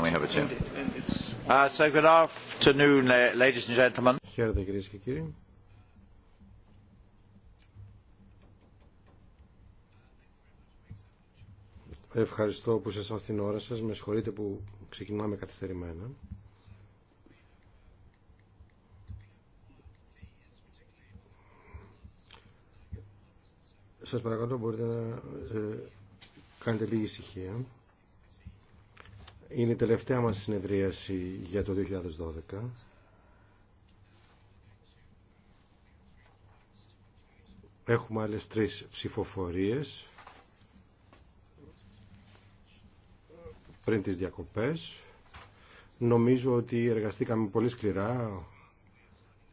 we have a Uh, so good afternoon, ladies and gentlemen. Ευχαριστώ που ήσασταν στην ώρα σας. Με συγχωρείτε που ξεκινάμε καθυστερημένα. Σας παρακαλώ μπορείτε να ε, κάνετε λίγη ησυχία. Είναι η τελευταία μας συνεδρίαση για το 2012. Έχουμε άλλες τρεις ψηφοφορίες πριν τις διακοπές. Νομίζω ότι εργαστήκαμε πολύ σκληρά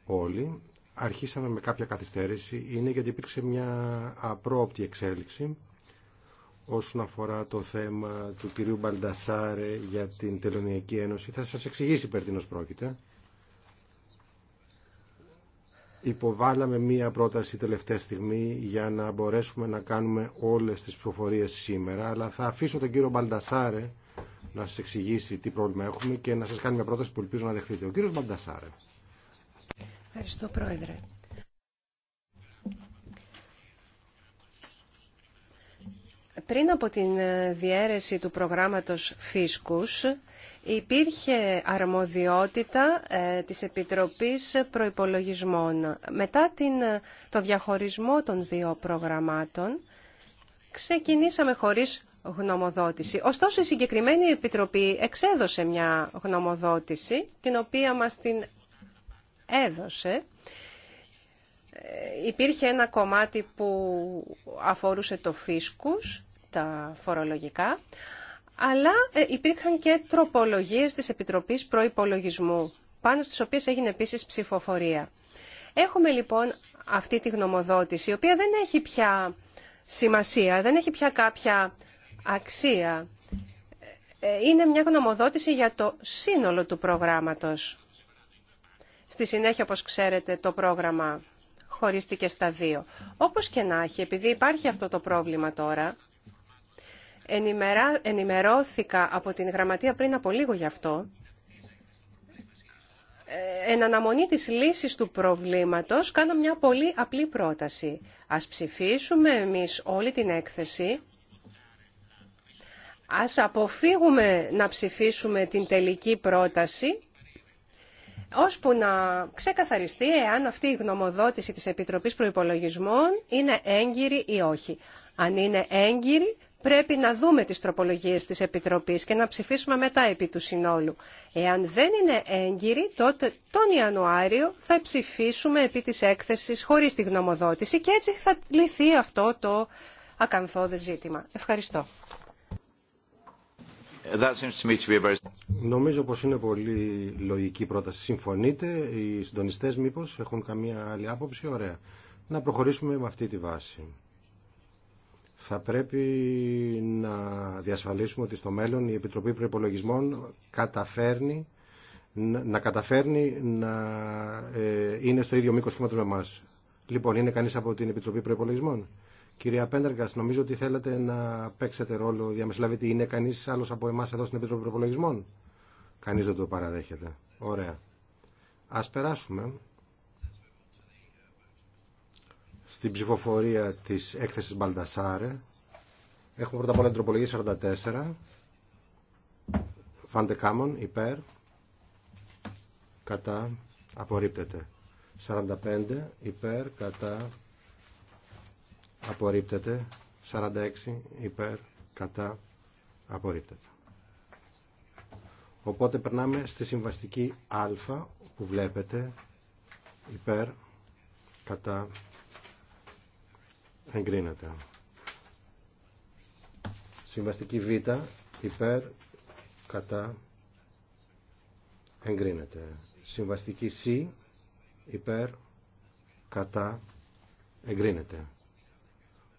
όλοι. Αρχίσαμε με κάποια καθυστέρηση. Είναι γιατί υπήρξε μια απρόοπτη εξέλιξη όσον αφορά το θέμα του κυρίου Μπαλντασάρε για την Τελωνιακή Ένωση. Θα σας εξηγήσει περί τίνος πρόκειται. Υποβάλαμε μία πρόταση τελευταία στιγμή για να μπορέσουμε να κάνουμε όλες τις πληροφορίες σήμερα, αλλά θα αφήσω τον κύριο Μπαλντασάρε να σας εξηγήσει τι πρόβλημα έχουμε και να σας κάνει μια πρόταση που ελπίζω να δεχτείτε. Ο κύριος Μπαλντασάρε. Ευχαριστώ, Πρόεδρε. πριν από την ε, διέρεση του προγράμματος Φίσκους υπήρχε αρμοδιότητα ε, της Επιτροπής Προϋπολογισμών. Μετά την, ε, το διαχωρισμό των δύο προγραμμάτων ξεκινήσαμε χωρίς γνωμοδότηση. Ωστόσο η συγκεκριμένη Επιτροπή εξέδωσε μια γνωμοδότηση την οποία μας την έδωσε υπήρχε ένα κομμάτι που αφορούσε το φίσκους τα φορολογικά, αλλά ε, υπήρχαν και τροπολογίες της Επιτροπής Προϋπολογισμού, πάνω στις οποίες έγινε επίσης ψηφοφορία. Έχουμε λοιπόν αυτή τη γνωμοδότηση, η οποία δεν έχει πια σημασία, δεν έχει πια κάποια αξία. Ε, είναι μια γνωμοδότηση για το σύνολο του προγράμματος. Στη συνέχεια, όπως ξέρετε, το πρόγραμμα χωρίστηκε στα δύο. Όπως και να έχει, επειδή υπάρχει αυτό το πρόβλημα τώρα, ενημερώθηκα από την γραμματεία πριν από λίγο γι' αυτό. Ε, εν αναμονή της λύσης του προβλήματος κάνω μια πολύ απλή πρόταση. Ας ψηφίσουμε εμείς όλη την έκθεση. Ας αποφύγουμε να ψηφίσουμε την τελική πρόταση ώσπου να ξεκαθαριστεί εάν αυτή η γνωμοδότηση της Επιτροπής Προϋπολογισμών είναι έγκυρη ή όχι. Αν είναι έγκυρη πρέπει να δούμε τις τροπολογίες της Επιτροπής και να ψηφίσουμε μετά επί του συνόλου. Εάν δεν είναι έγκυρη, τότε τον Ιανουάριο θα ψηφίσουμε επί της έκθεσης χωρίς τη γνωμοδότηση και έτσι θα λυθεί αυτό το ακαθόδε ζήτημα. Ευχαριστώ. Νομίζω πως είναι πολύ λογική πρόταση. Συμφωνείτε, οι συντονιστές μήπως έχουν καμία άλλη άποψη, ωραία. Να προχωρήσουμε με αυτή τη βάση θα πρέπει να διασφαλίσουμε ότι στο μέλλον η Επιτροπή Προϋπολογισμών καταφέρνει να καταφέρνει να ε, είναι στο ίδιο μήκος κύματο με εμά. Λοιπόν, είναι κανείς από την Επιτροπή Προϋπολογισμών. Κυρία Πέντεργας, νομίζω ότι θέλετε να παίξετε ρόλο διαμεσολαβητή. Είναι κανείς άλλος από εμάς εδώ στην Επιτροπή Προϋπολογισμών. Κανείς δεν το παραδέχεται. Ωραία. Ας περάσουμε στην ψηφοφορία της έκθεσης Μπαλτασάρε. Έχουμε πρώτα απ' όλα την τροπολογία 44. Φάντε Κάμον, υπέρ. Κατά. Απορρίπτεται. 45, υπέρ. Κατά. Απορρίπτεται. 46, υπέρ. Κατά. Απορρίπτεται. Οπότε περνάμε στη συμβαστική α που βλέπετε υπέρ κατά εγκρίνεται. Συμβαστική Β υπέρ κατά εγκρίνεται. Συμβαστική Σ υπέρ κατά εγκρίνεται.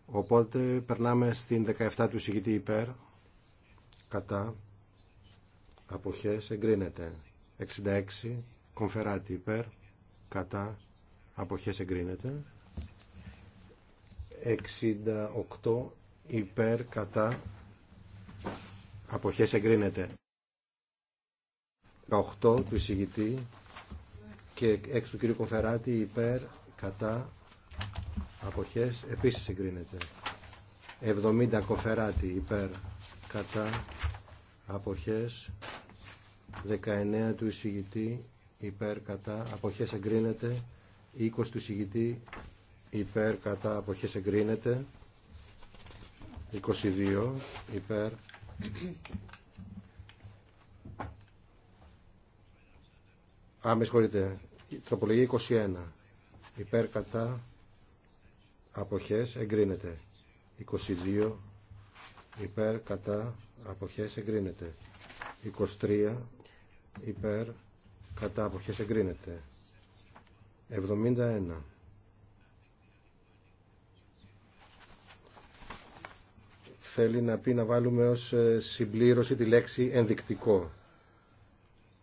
Οπότε περνάμε στην 17 του συγκητή υπέρ κατά αποχές εγκρίνεται. 66 κομφεράτη υπέρ κατά αποχές εγκρίνεται. 68 υπέρ κατά αποχές εγκρίνεται 18 του εισηγητή και 6 του κ. κοφεράτη, υπέρ κατά αποχές επίσης εγκρίνεται 70 κοφεράτη υπέρ κατά αποχές 19 του εισηγητή υπέρ κατά αποχές εγκρίνεται 20 του εισηγητή υπέρ κατά αποχές εγκρίνεται 22 υπέρ Α, με συγχωρείτε. Τροπολογία 21. Υπέρ κατά αποχές εγκρίνεται. 22. Υπέρ κατά αποχές εγκρίνεται. 23. Υπέρ κατά αποχές εγκρίνεται. 71. θέλει να πει να βάλουμε ως ε, συμπλήρωση τη λέξη ενδεικτικό.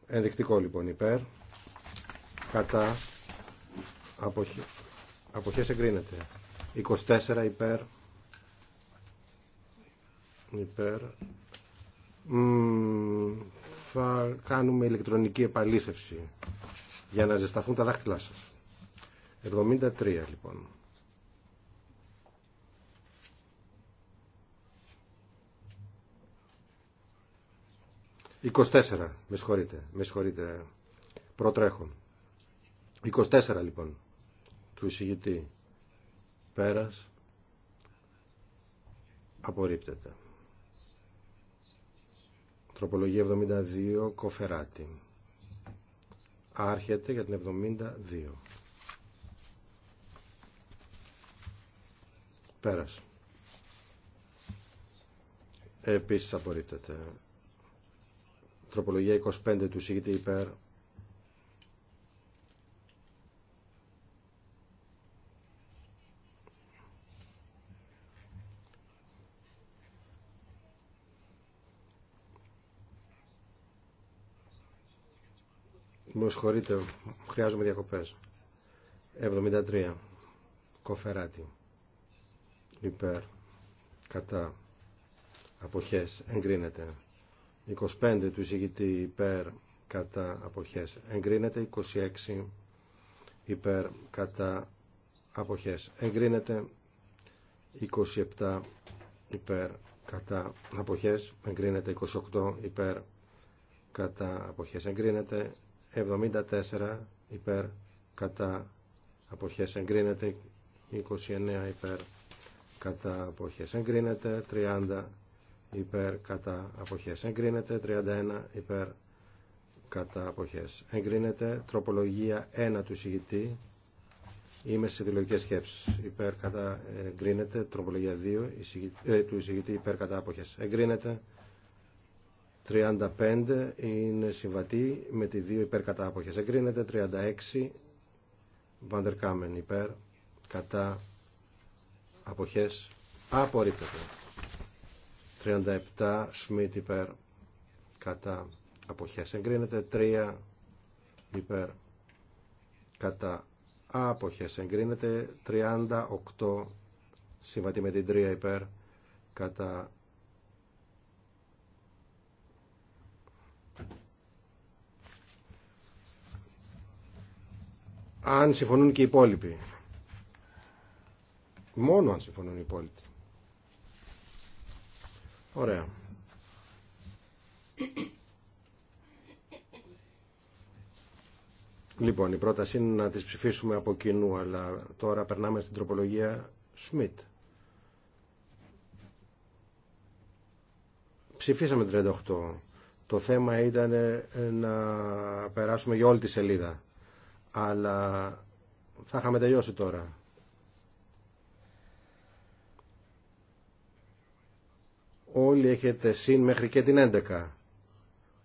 Ενδεικτικό λοιπόν υπέρ. Κατά. Αποχή. Αποχές εγκρίνεται. 24 υπέρ. Υπέρ. θα κάνουμε ηλεκτρονική επαλήθευση για να ζεσταθούν τα δάχτυλά σας. 73 λοιπόν. 24, με συγχωρείτε, με συγχωρείτε, προτρέχω. 24 λοιπόν, του εισηγητή. Πέρας, απορρίπτεται. Τροπολογία 72, κοφεράτη. Άρχεται για την 72. Πέρας. Επίσης απορρίπτεται. Ανθρωπολογία 25 του Σίγητη υπέρ. Μου συγχωρείτε, χρειάζομαι διακοπές. 73. Κοφεράτη. Υπέρ. Κατά. Αποχές. Εγκρίνεται. 25 του εισηγητή υπέρ κατά αποχές εγκρίνεται 26 υπέρ κατά αποχές εγκρίνεται 27 υπέρ κατά αποχές εγκρίνεται 28 υπέρ κατά αποχές εγκρίνεται 74 υπέρ κατά αποχές εγκρίνεται 29 υπέρ κατά αποχές εγκρίνεται 30 υπέρ κατά αποχές εγκρίνεται 31 υπέρ κατά αποχές εγκρίνεται τροπολογία 1 του συγητή είμαι σε δηλογικές σκέψεις υπέρ κατά εγκρίνεται τροπολογία 2 ε, του εισηγητή υπέρ κατά αποχές εγκρίνεται 35 είναι συμβατή με τη 2 υπέρ κατά αποχές εγκρίνεται 36 Βαντερκάμεν υπέρ κατά αποχές απορρίπτεται 37 Σμιτ υπέρ κατά αποχές εγκρίνεται 3 υπέρ κατά αποχές εγκρίνεται 38 συμβατή με την 3 υπέρ κατά αν συμφωνούν και οι υπόλοιποι μόνο αν συμφωνούν οι υπόλοιποι Ωραία. Λοιπόν, η πρόταση είναι να τις ψηφίσουμε από κοινού, αλλά τώρα περνάμε στην τροπολογία Σμιτ. Ψηφίσαμε 38. Το θέμα ήταν ε, να περάσουμε για όλη τη σελίδα. Αλλά θα είχαμε τελειώσει τώρα. Όλοι έχετε συν μέχρι και την 11.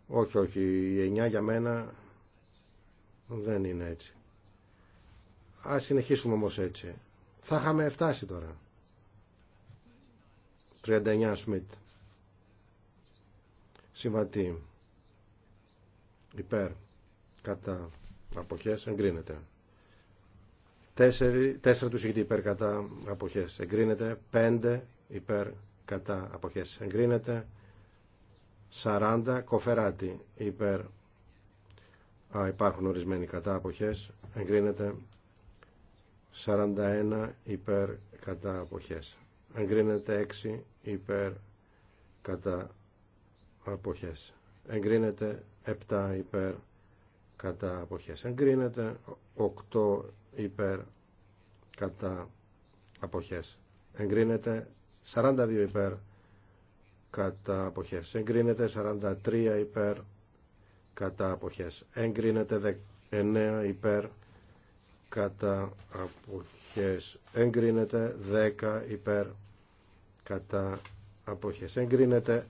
Όχι, όχι, η 9 για μένα δεν είναι έτσι. Ας συνεχίσουμε όμως έτσι. Θα είχαμε φτάσει τώρα. 39 Σμιτ. Συμβατή. Υπέρ. Κατά. Αποχές. Εγκρίνεται. 4, 4 του συγκεκριτή υπέρ κατά αποχές. Εγκρίνεται. 5 υπέρ κατά αποχές εγκρίνεται 40 κοφεράτη υπέρ Α, υπάρχουν ορισμένοι κατά αποχές εγκρίνεται 41 υπέρ κατά αποχές εγκρίνεται 6 υπέρ κατά αποχές εγκρίνεται 7 υπέρ κατά αποχές εγκρίνεται 8 υπέρ κατά αποχές εγκρίνεται 42 υπέρ κατά αποχές εγκρίνεται 43 υπέρ κατά αποχές εγκρίνεται 9 υπέρ κατά αποχές εγκρίνεται 10 υπέρ κατά αποχές εγκρίνεται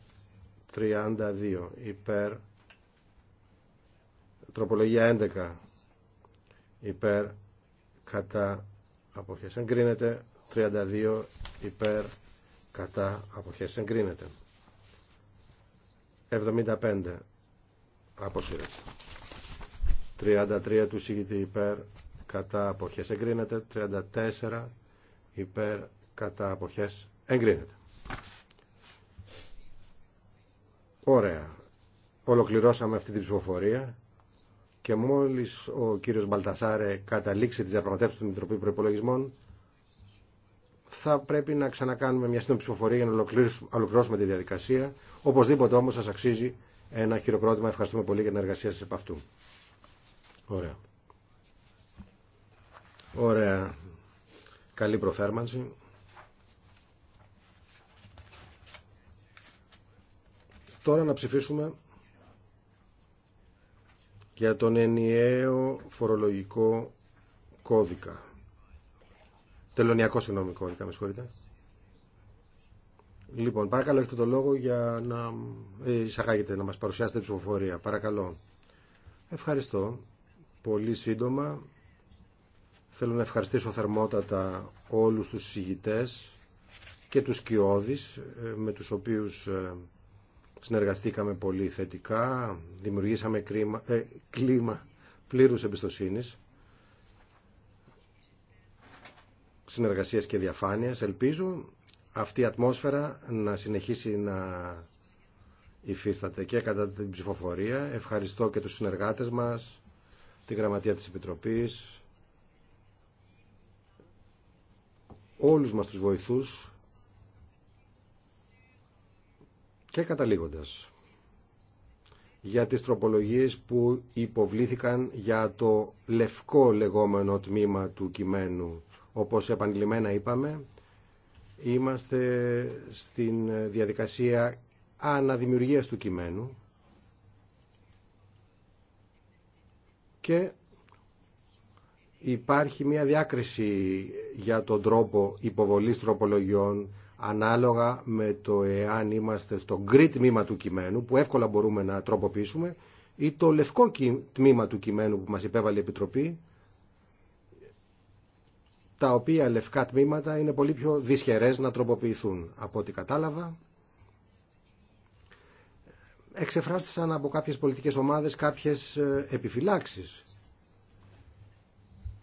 32 υπέρ τροπολογία 11 υπέρ κατά αποχές εγκρίνεται 32 υπέρ κατά αποχές εγκρίνεται 75 αποσύρεται 33 του συγκριτή υπέρ κατά αποχές εγκρίνεται 34 υπέρ κατά αποχές εγκρίνεται Ωραία. Ολοκληρώσαμε αυτή την ψηφοφορία και μόλις ο κύριος Μπαλτασάρε καταλήξει τις διαπραγματεύσεις του Μητροπή Προϋπολογισμών θα πρέπει να ξανακάνουμε μια σύντομη ψηφοφορία για να ολοκληρώσουμε τη διαδικασία. Οπωσδήποτε όμως σα αξίζει ένα χειροκρότημα. Ευχαριστούμε πολύ για την εργασία σας επ' αυτού. Ωραία. Ωραία. Καλή προθέρμανση. Τώρα να ψηφίσουμε για τον ενιαίο φορολογικό κώδικα. Τελωνιακό συγγνώμη κόρηκα, με συγχωρείτε. Λοιπόν, παρακαλώ έχετε το λόγο για να ε, εισαγάγετε, να μας παρουσιάσετε την ψηφοφορία. Παρακαλώ. Ευχαριστώ. Πολύ σύντομα. Θέλω να ευχαριστήσω θερμότατα όλους τους συγητές και τους κοιόδης ε, με τους οποίους ε, συνεργαστήκαμε πολύ θετικά, δημιουργήσαμε κλίμα πλήρους εμπιστοσύνης. συνεργασίας και διαφάνειας. Ελπίζω αυτή η ατμόσφαιρα να συνεχίσει να υφίσταται και κατά την ψηφοφορία. Ευχαριστώ και τους συνεργάτες μας, τη Γραμματεία της Επιτροπής, όλους μας τους βοηθούς και καταλήγοντας για τις τροπολογίες που υποβλήθηκαν για το λευκό λεγόμενο τμήμα του κειμένου όπως επανειλημμένα είπαμε, είμαστε στην διαδικασία αναδημιουργίας του κειμένου και υπάρχει μια διάκριση για τον τρόπο υποβολής τροπολογιών ανάλογα με το εάν είμαστε στο γκρι τμήμα του κειμένου που εύκολα μπορούμε να τροποποιήσουμε ή το λευκό τμήμα του κειμένου που μας υπέβαλε η Επιτροπή τα οποία λευκά τμήματα είναι πολύ πιο δυσχερές να τροποποιηθούν από ό,τι κατάλαβα. Εξεφράστησαν από κάποιες πολιτικές ομάδες κάποιες ε, επιφυλάξεις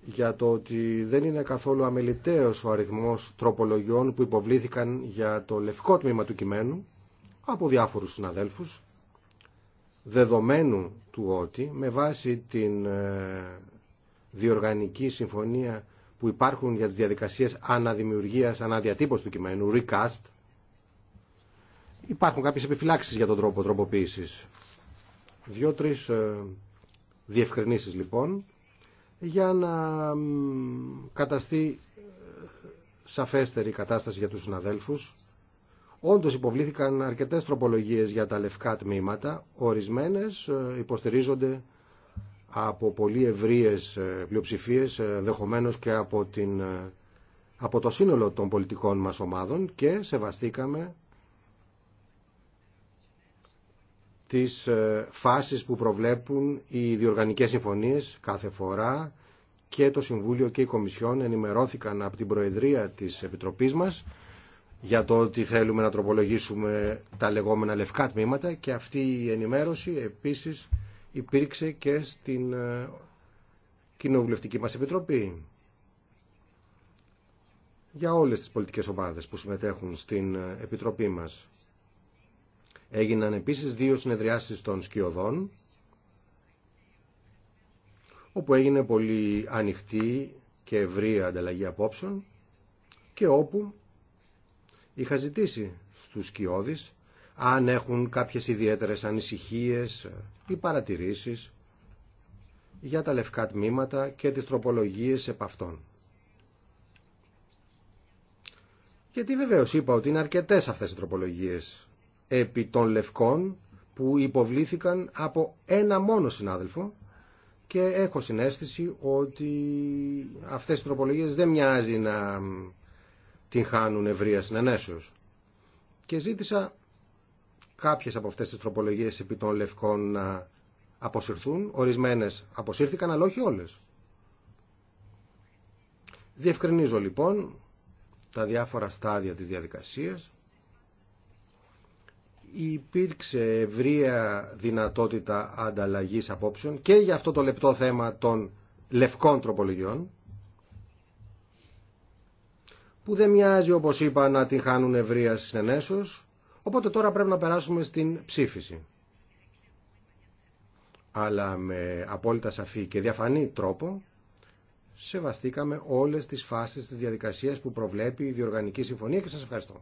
για το ότι δεν είναι καθόλου αμεληταίος ο αριθμός τροπολογιών που υποβλήθηκαν για το λευκό τμήμα του κειμένου από διάφορους συναδέλφους, δεδομένου του ότι με βάση την ε, διοργανική συμφωνία που υπάρχουν για τις διαδικασίες αναδημιουργίας, αναδιατύπωσης του κειμένου, recast, υπάρχουν κάποιες επιφυλάξεις για τον τρόπο τροποποίησης. Δύο-τρεις ε, λοιπόν, για να καταστεί ε, σαφέστερη η κατάσταση για τους συναδέλφους. Όντως υποβλήθηκαν αρκετές τροπολογίες για τα λευκά τμήματα, ορισμένες ε, υποστηρίζονται από πολύ ευρείες ε, πλειοψηφίες, ε, δεχομένως και ε, από, το σύνολο των πολιτικών μας ομάδων και σεβαστήκαμε τις φάσεις που προβλέπουν οι διοργανικές συμφωνίες κάθε φορά και το Συμβούλιο και η Κομισιόν ενημερώθηκαν από την Προεδρία της Επιτροπής μας για το ότι θέλουμε να τροπολογήσουμε τα λεγόμενα λευκά τμήματα και αυτή η ενημέρωση επίσης υπήρξε και στην ε, κοινοβουλευτική μας επιτροπή για όλες τις πολιτικές ομάδες που συμμετέχουν στην ε, επιτροπή μας. Έγιναν επίσης δύο συνεδριάσεις των σκιωδών, όπου έγινε πολύ ανοιχτή και ευρία ανταλλαγή απόψεων και όπου είχα ζητήσει στους σκιώδεις αν έχουν κάποιες ιδιαίτερες ανησυχίες, οι παρατηρήσεις για τα λευκά τμήματα και τις τροπολογίες επ' αυτών. Γιατί βεβαίω είπα ότι είναι αρκετές αυτές οι τροπολογίες επί των λευκών που υποβλήθηκαν από ένα μόνο συνάδελφο και έχω συνέστηση ότι αυτές οι τροπολογίες δεν μοιάζει να την χάνουν ευρεία συνενέσεως. Και ζήτησα κάποιες από αυτές τις τροπολογίες επί των λευκών να ε, αποσυρθούν. Ορισμένες αποσύρθηκαν, αλλά όχι όλες. Διευκρινίζω λοιπόν τα διάφορα στάδια της διαδικασίας. Υπήρξε ευρεία δυνατότητα ανταλλαγής απόψεων και για αυτό το λεπτό θέμα των λευκών τροπολογιών που δεν μοιάζει όπως είπα να την χάνουν ευρεία συνενέσως Οπότε τώρα πρέπει να περάσουμε στην ψήφιση. Αλλά με απόλυτα σαφή και διαφανή τρόπο σεβαστήκαμε όλες τις φάσεις της διαδικασίας που προβλέπει η Διοργανική Συμφωνία και σας ευχαριστώ.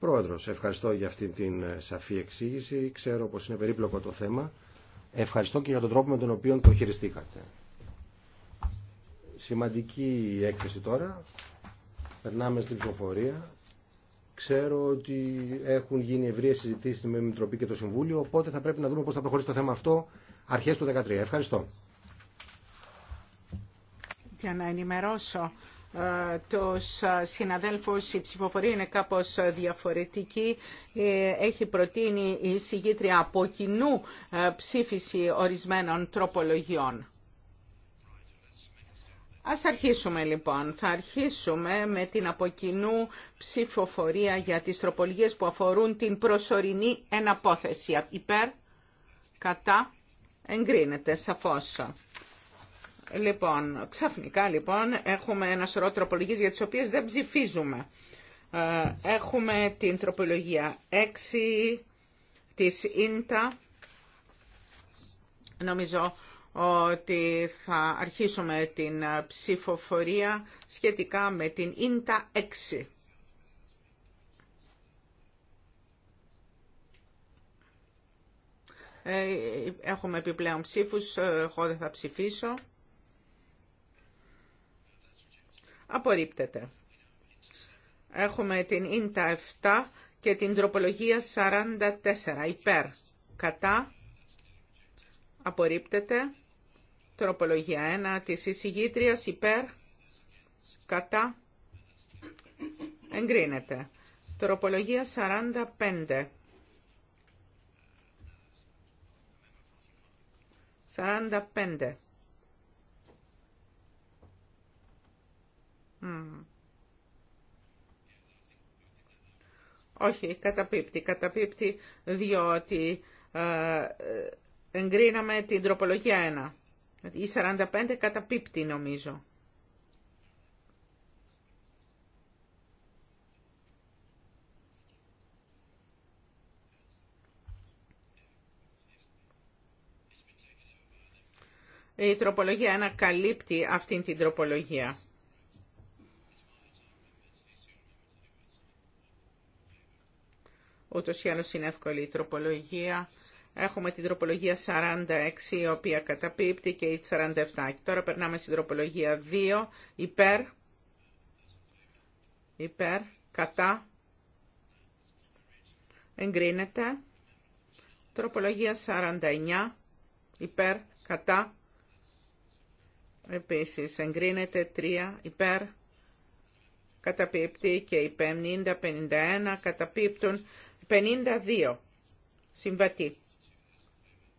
Πρόεδρος, ευχαριστώ για αυτή την ε, σαφή εξήγηση. Ξέρω πως είναι περίπλοκο το θέμα. Ευχαριστώ και για τον τρόπο με τον οποίο το χειριστήκατε. Σημαντική έκθεση τώρα. Περνάμε στην ψηφοφορία. Ξέρω ότι έχουν γίνει ευρείε συζητήσει με την και το Συμβούλιο, οπότε θα πρέπει να δούμε πώ θα προχωρήσει το θέμα αυτό αρχέ του 2013. Ευχαριστώ. Για να ενημερώσω ε, τους συναδέλφους η ψηφοφορία είναι κάπως διαφορετική. Ε, έχει προτείνει η συγκήτρια από κοινού ε, ψήφιση ορισμένων τροπολογιών. Ας αρχίσουμε λοιπόν. Θα αρχίσουμε με την αποκοινού ψηφοφορία για τις τροπολογίες που αφορούν την προσωρινή εναπόθεση. Υπέρ, κατά, εγκρίνεται σαφώς. Λοιπόν, ξαφνικά λοιπόν έχουμε ένα σωρό τροπολογίες για τις οποίες δεν ψηφίζουμε. Ε, έχουμε την τροπολογία 6 της ίντα, νομίζω ότι θα αρχίσουμε την ψηφοφορία σχετικά με την ΙΝΤΑ 6. Ε, έχουμε επιπλέον ψήφους, εγώ δεν θα ψηφίσω. Απορρίπτεται. Έχουμε την ΙΝΤΑ 7 και την τροπολογία 44, υπέρ, κατά, απορρίπτεται. Τροπολογία 1 της εισηγήτριας υπέρ, κατά, εγκρίνεται. Τροπολογία 45. 45. Όχι, καταπίπτει. Καταπίπτει διότι ε, ε εγκρίναμε την τροπολογία 1. Δηλαδή, η 45 καταπίπτει νομίζω. Η τροπολογία ανακαλύπτει αυτήν την τροπολογία. Ούτως ή άλλως είναι εύκολη η τροπολογία. Έχουμε την τροπολογία 46, η οποία καταπίπτει και η 47. τώρα περνάμε στην τροπολογία 2, υπέρ, υπέρ, κατά, εγκρίνεται. Τροπολογία 49, υπέρ, κατά, επίσης εγκρίνεται. 3, υπέρ, καταπίπτει και η 50, 51 καταπίπτουν. 52, συμβατή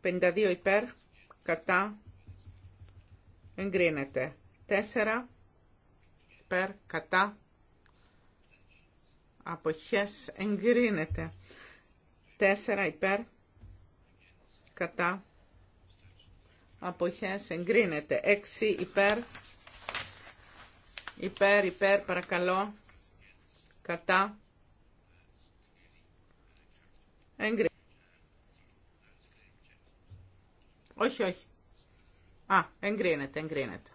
52 υπέρ, κατά, εγκρίνεται. 4 υπέρ, κατά, αποχές, εγκρίνεται. 4 υπέρ, κατά, αποχές, εγκρίνεται. 6 υπέρ, υπέρ, υπέρ, παρακαλώ, κατά, Όχι, όχι. Α, εγκρίνεται, εγκρίνεται.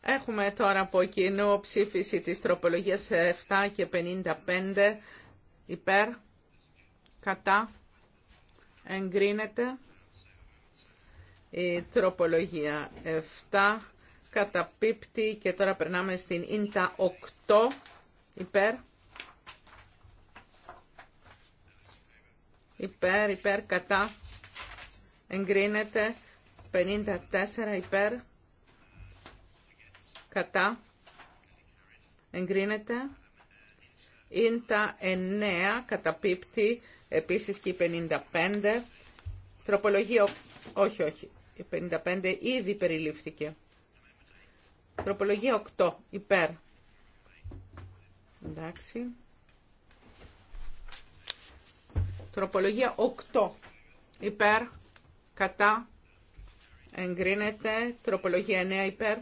Έχουμε τώρα από κοινού ψήφιση της τροπολογίας 7 και 55 υπέρ, κατά, εγκρίνεται. Η τροπολογία 7 καταπίπτει και τώρα περνάμε στην ίντα 8 υπέρ. Υπέρ, υπέρ, κατά. Εγκρίνεται 54 υπέρ. Κατά. Εγκρίνεται. Ίντα 9 καταπίπτει επίσης και η 55. Τροπολογία, όχι, όχι, 55 ήδη περιλήφθηκε. Τροπολογία 8. Υπέρ. Εντάξει. Τροπολογία 8. Υπέρ. Κατά. Εγκρίνεται. Τροπολογία 9. Υπέρ.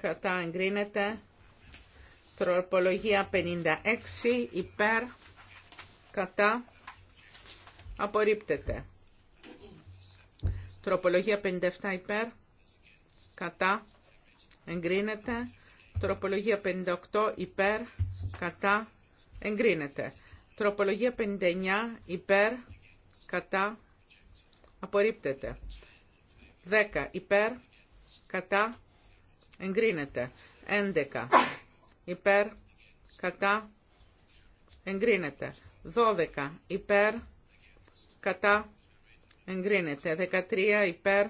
Κατά. Εγκρίνεται. Τροπολογία 56. Υπέρ. Κατά. Απορρίπτεται. Τροπολογία 57 υπέρ, κατά, εγκρίνεται. Τροπολογία 58 υπέρ, κατά, εγκρίνεται. Τροπολογία 59 υπέρ, κατά, απορρίπτεται. 10 υπέρ, κατά, εγκρίνεται. 11 υπέρ, κατά, εγκρίνεται. 12 υπέρ, κατά, εγκρίνεται. 13 υπέρ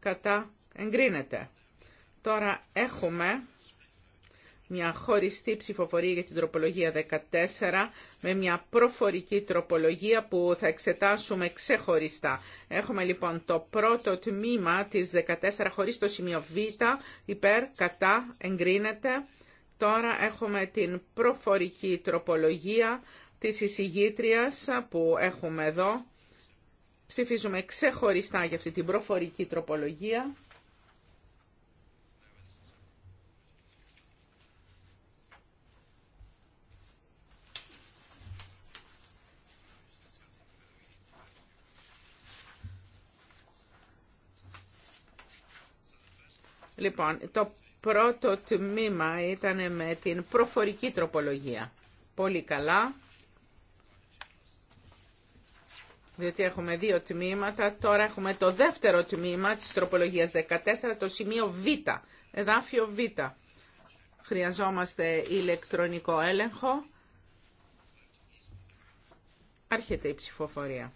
κατά εγκρίνεται. Τώρα έχουμε μια χωριστή ψηφοφορία για την τροπολογία 14 με μια προφορική τροπολογία που θα εξετάσουμε ξεχωριστά. Έχουμε λοιπόν το πρώτο τμήμα της 14 χωρίς το σημείο Β, υπέρ, κατά, εγκρίνεται. Τώρα έχουμε την προφορική τροπολογία της εισηγήτριας που έχουμε εδώ Ψηφίζουμε ξεχωριστά για αυτή την προφορική τροπολογία. Λοιπόν, το πρώτο τμήμα ήταν με την προφορική τροπολογία. Πολύ καλά. διότι έχουμε δύο τμήματα. Τώρα έχουμε το δεύτερο τμήμα της τροπολογίας 14, το σημείο Β, εδάφιο Β. Χρειαζόμαστε ηλεκτρονικό έλεγχο. Άρχεται η ψηφοφορία.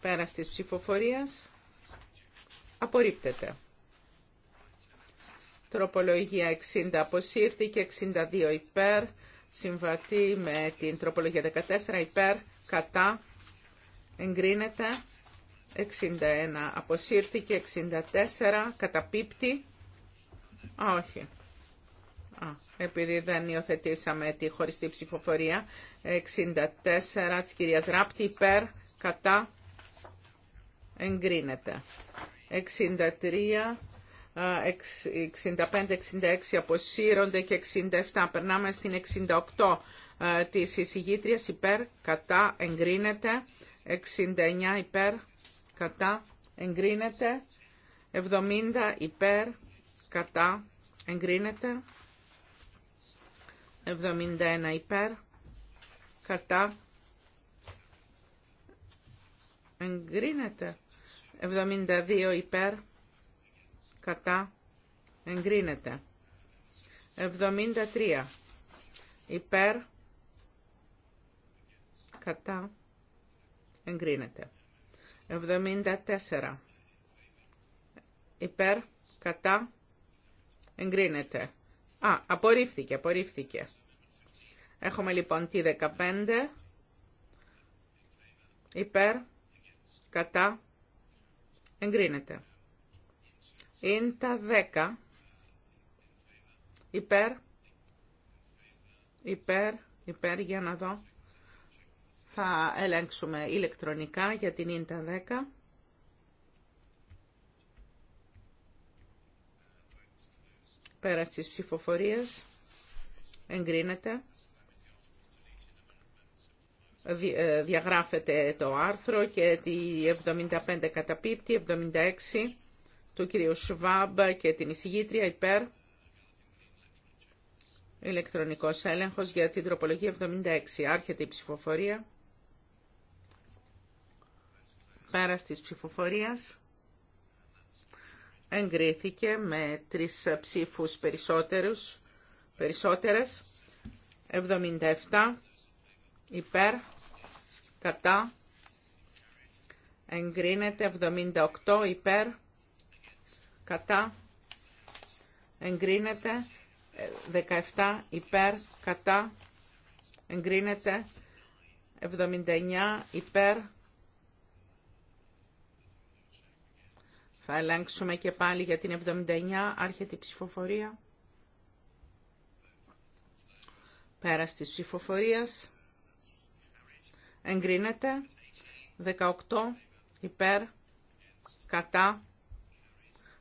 Πέρας της ψηφοφορίας απορρίπτεται. Τροπολογία 60 αποσύρθηκε, 62 υπέρ, συμβατή με την τροπολογία 14 υπέρ, κατά εγκρίνεται 61 αποσύρθηκε 64 καταπίπτει α όχι α, επειδή δεν υιοθετήσαμε τη χωριστή ψηφοφορία 64 της κυρίας Ράπτη υπέρ κατά εγκρίνεται 63 65-66 αποσύρονται και 67. Περνάμε στην 68 ε, της εισηγήτριας υπέρ κατά εγκρίνεται 69 υπέρ κατά εγκρίνεται 70 υπέρ κατά εγκρίνεται 71 υπέρ κατά εγκρίνεται 72 υπέρ κατά εγκρίνεται 73 υπέρ κατά εγκρίνεται. 74 υπέρ κατά εγκρίνεται. Α, απορρίφθηκε, απορρίφθηκε. Έχουμε λοιπόν τη 15 υπέρ κατά εγκρίνεται. Είναι τα 10 υπέρ υπέρ, υπέρ για να δω θα ελέγξουμε ηλεκτρονικά για την ίντα 10. Πέρα της ψηφοφορίας εγκρίνεται. Ε, διαγράφεται το άρθρο και τη 75 καταπίπτει, 76 του κυρίου Σβάμπ και την εισηγήτρια υπέρ. Ηλεκτρονικός έλεγχος για την τροπολογία 76. Άρχεται η ψηφοφορία. Πέρας της ψηφοφορίας εγκρίθηκε με τρεις ψήφους περισσότερους, περισσότερες, 77 υπέρ, κατά, εγκρίνεται 78 υπέρ, κατά, εγκρίνεται 17 ε, υπέρ, κατά, εγκρίνεται 79 υπέρ, Θα ελέγξουμε και πάλι για την 79, άρχεται η ψηφοφορία. Πέρας της ψηφοφορίας. Εγκρίνεται. 18 υπέρ, κατά.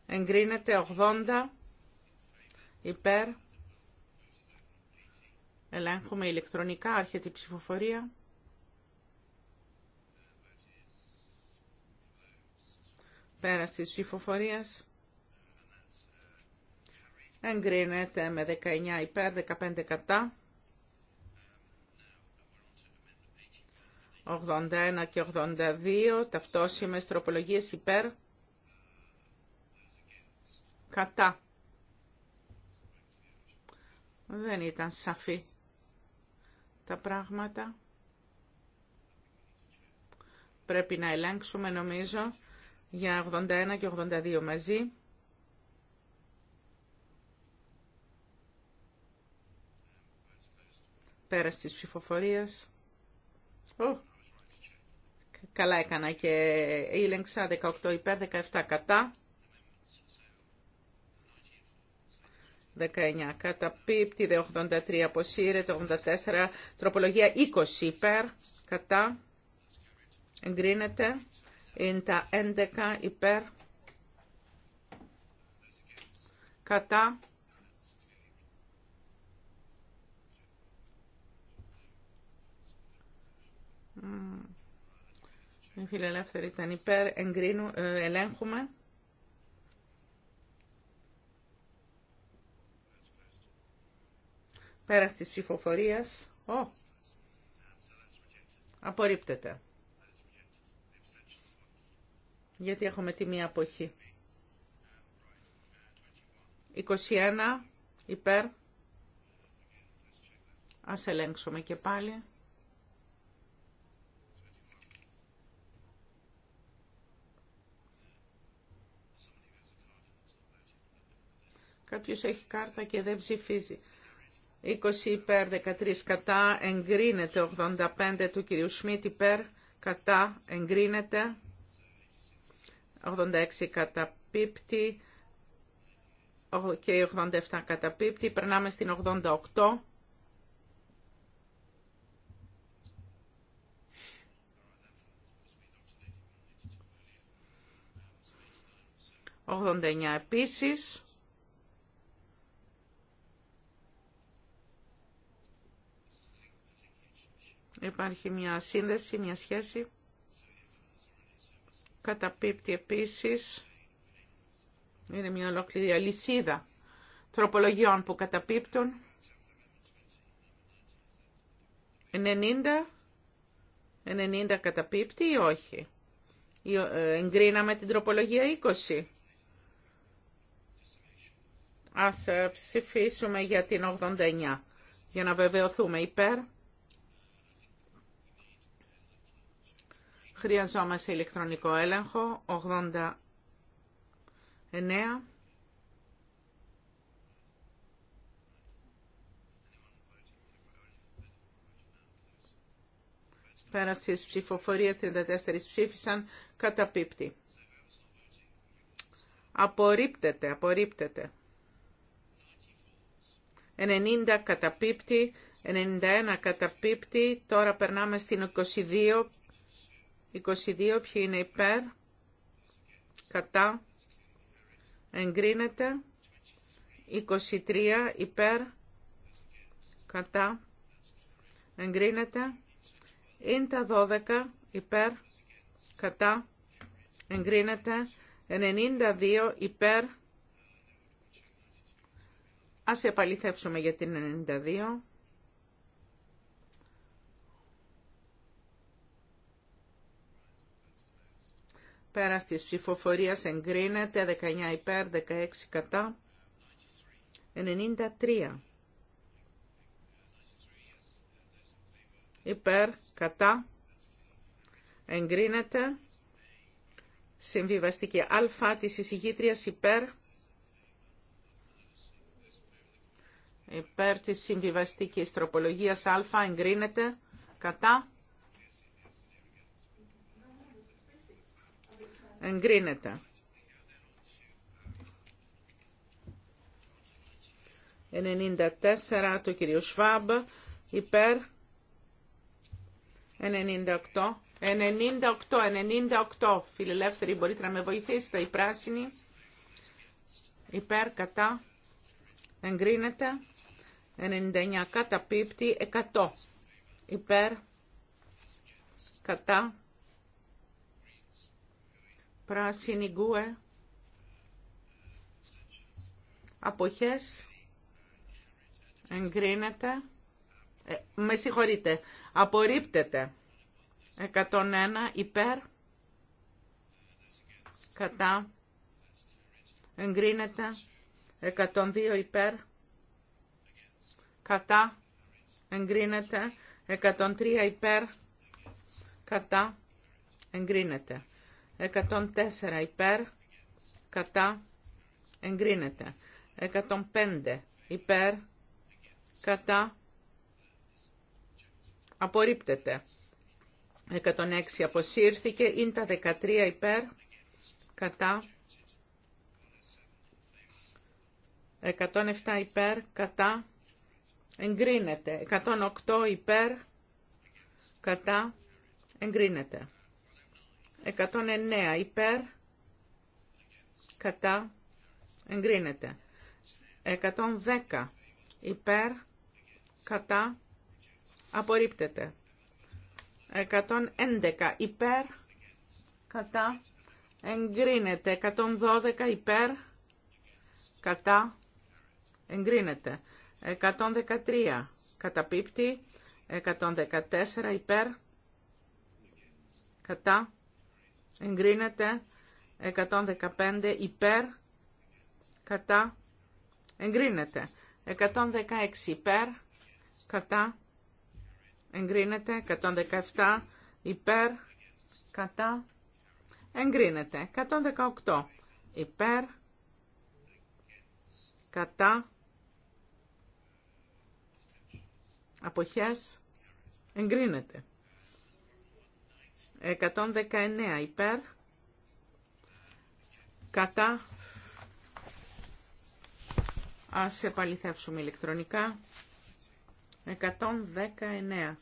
Εγκρίνεται 80 υπέρ. Ελέγχουμε ηλεκτρονικά, άρχεται η ψηφοφορία. Πέρας της ψηφοφορίας εγκρίνεται με 19 υπέρ, 15 κατά. 81 και 82 ταυτόσιμες τροπολογίες υπέρ κατά. Δεν ήταν σαφή τα πράγματα. Πρέπει να ελέγξουμε νομίζω για 81 και 82 μαζί. Πέρα της ψηφοφορίας. Καλά έκανα και ήλεγξα 18 υπέρ, 17 κατά. 19 κατά πίπτη, 83 αποσύρεται, 84 τροπολογία 20 υπέρ, κατά εγκρίνεται. Είναι τα 11 υπέρ κατά Οι φιλελεύθεροι ήταν υπέρ, εγκρίνου, ε, ελέγχουμε. Πέρας της ψηφοφορίας. Ο, απορρίπτεται γιατί έχουμε τη μία αποχή. 21 υπέρ. Ας ελέγξουμε και πάλι. Κάποιος έχει κάρτα και δεν ψηφίζει. 20 υπέρ, 13 κατά, εγκρίνεται 85 του κυρίου Σμίτ υπέρ, κατά, εγκρίνεται. 86 καταπίπτει και 87 καταπίπτει. Περνάμε στην 88. ...89 επίσης. Υπάρχει μια σύνδεση, μια σχέση. Καταπίπτει επίσης, είναι μια ολόκληρη αλυσίδα τροπολογιών που καταπίπτουν. 90, 90 καταπίπτει ή όχι. Ε, εγκρίναμε την τροπολογία 20. Ας ε, ψηφίσουμε για την 89, για να βεβαιωθούμε υπέρ. Χρειαζόμαστε ηλεκτρονικό έλεγχο. 89. Πέρα στι ψηφοφορία 34 ψήφισαν καταπίπτει. Απορρίπτεται, απορρίπτεται. 90 καταπίπτει, 91 καταπίπτει, τώρα περνάμε στην 22 22 ποιοι είναι υπέρ, κατά, εγκρίνεται. 23 υπέρ, κατά, εγκρίνεται. τα 12 υπέρ, κατά, εγκρίνεται. 92 υπέρ, ας επαληθεύσουμε για την 92. Πέρας της ψηφοφορίας εγκρίνεται 19 υπέρ, 16 κατά, 93 υπέρ, κατά, εγκρίνεται συμβιβαστική α της εισηγήτριας υπέρ, υπέρ της συμβιβαστικής τροπολογίας α εγκρίνεται κατά εγκρίνεται. 94 του κυρίου Σφάμπ υπέρ 98 98, 98 φιλελεύθεροι μπορείτε να με βοηθήσετε η πράσινοι υπέρ κατά εγκρίνεται 99 κατά πίπτη 100 υπέρ κατά πράσινη γκουε, αποχές, εγκρίνεται, ε, με συγχωρείτε, απορρίπτεται, 101 υπέρ, κατά, εγκρίνεται, 102 υπέρ, κατά, εγκρίνεται, 103 υπέρ, κατά, εγκρίνεται. 104 υπέρ, κατά, εγκρίνεται. 105 υπέρ, κατά, απορρίπτεται. 106 αποσύρθηκε, είναι τα 13 υπέρ, κατά, 107 υπέρ, κατά, εγκρίνεται. 108 υπέρ, κατά, εγκρίνεται. 109 υπέρ, κατά, εγκρίνεται. 110 υπέρ, κατά, απορρίπτεται. 111 υπέρ, κατά, εγκρίνεται. 112 υπέρ, κατά, εγκρίνεται. 113 καταπίπτει, 114 υπέρ, κατά, εγκρίνεται 115 υπέρ κατά εγκρίνεται 116 υπέρ κατά εγκρίνεται 117 υπέρ κατά εγκρίνεται 118 υπέρ κατά αποχές εγκρίνεται 119 υπέρ, κατά, ας επαληθεύσουμε ηλεκτρονικά, 119.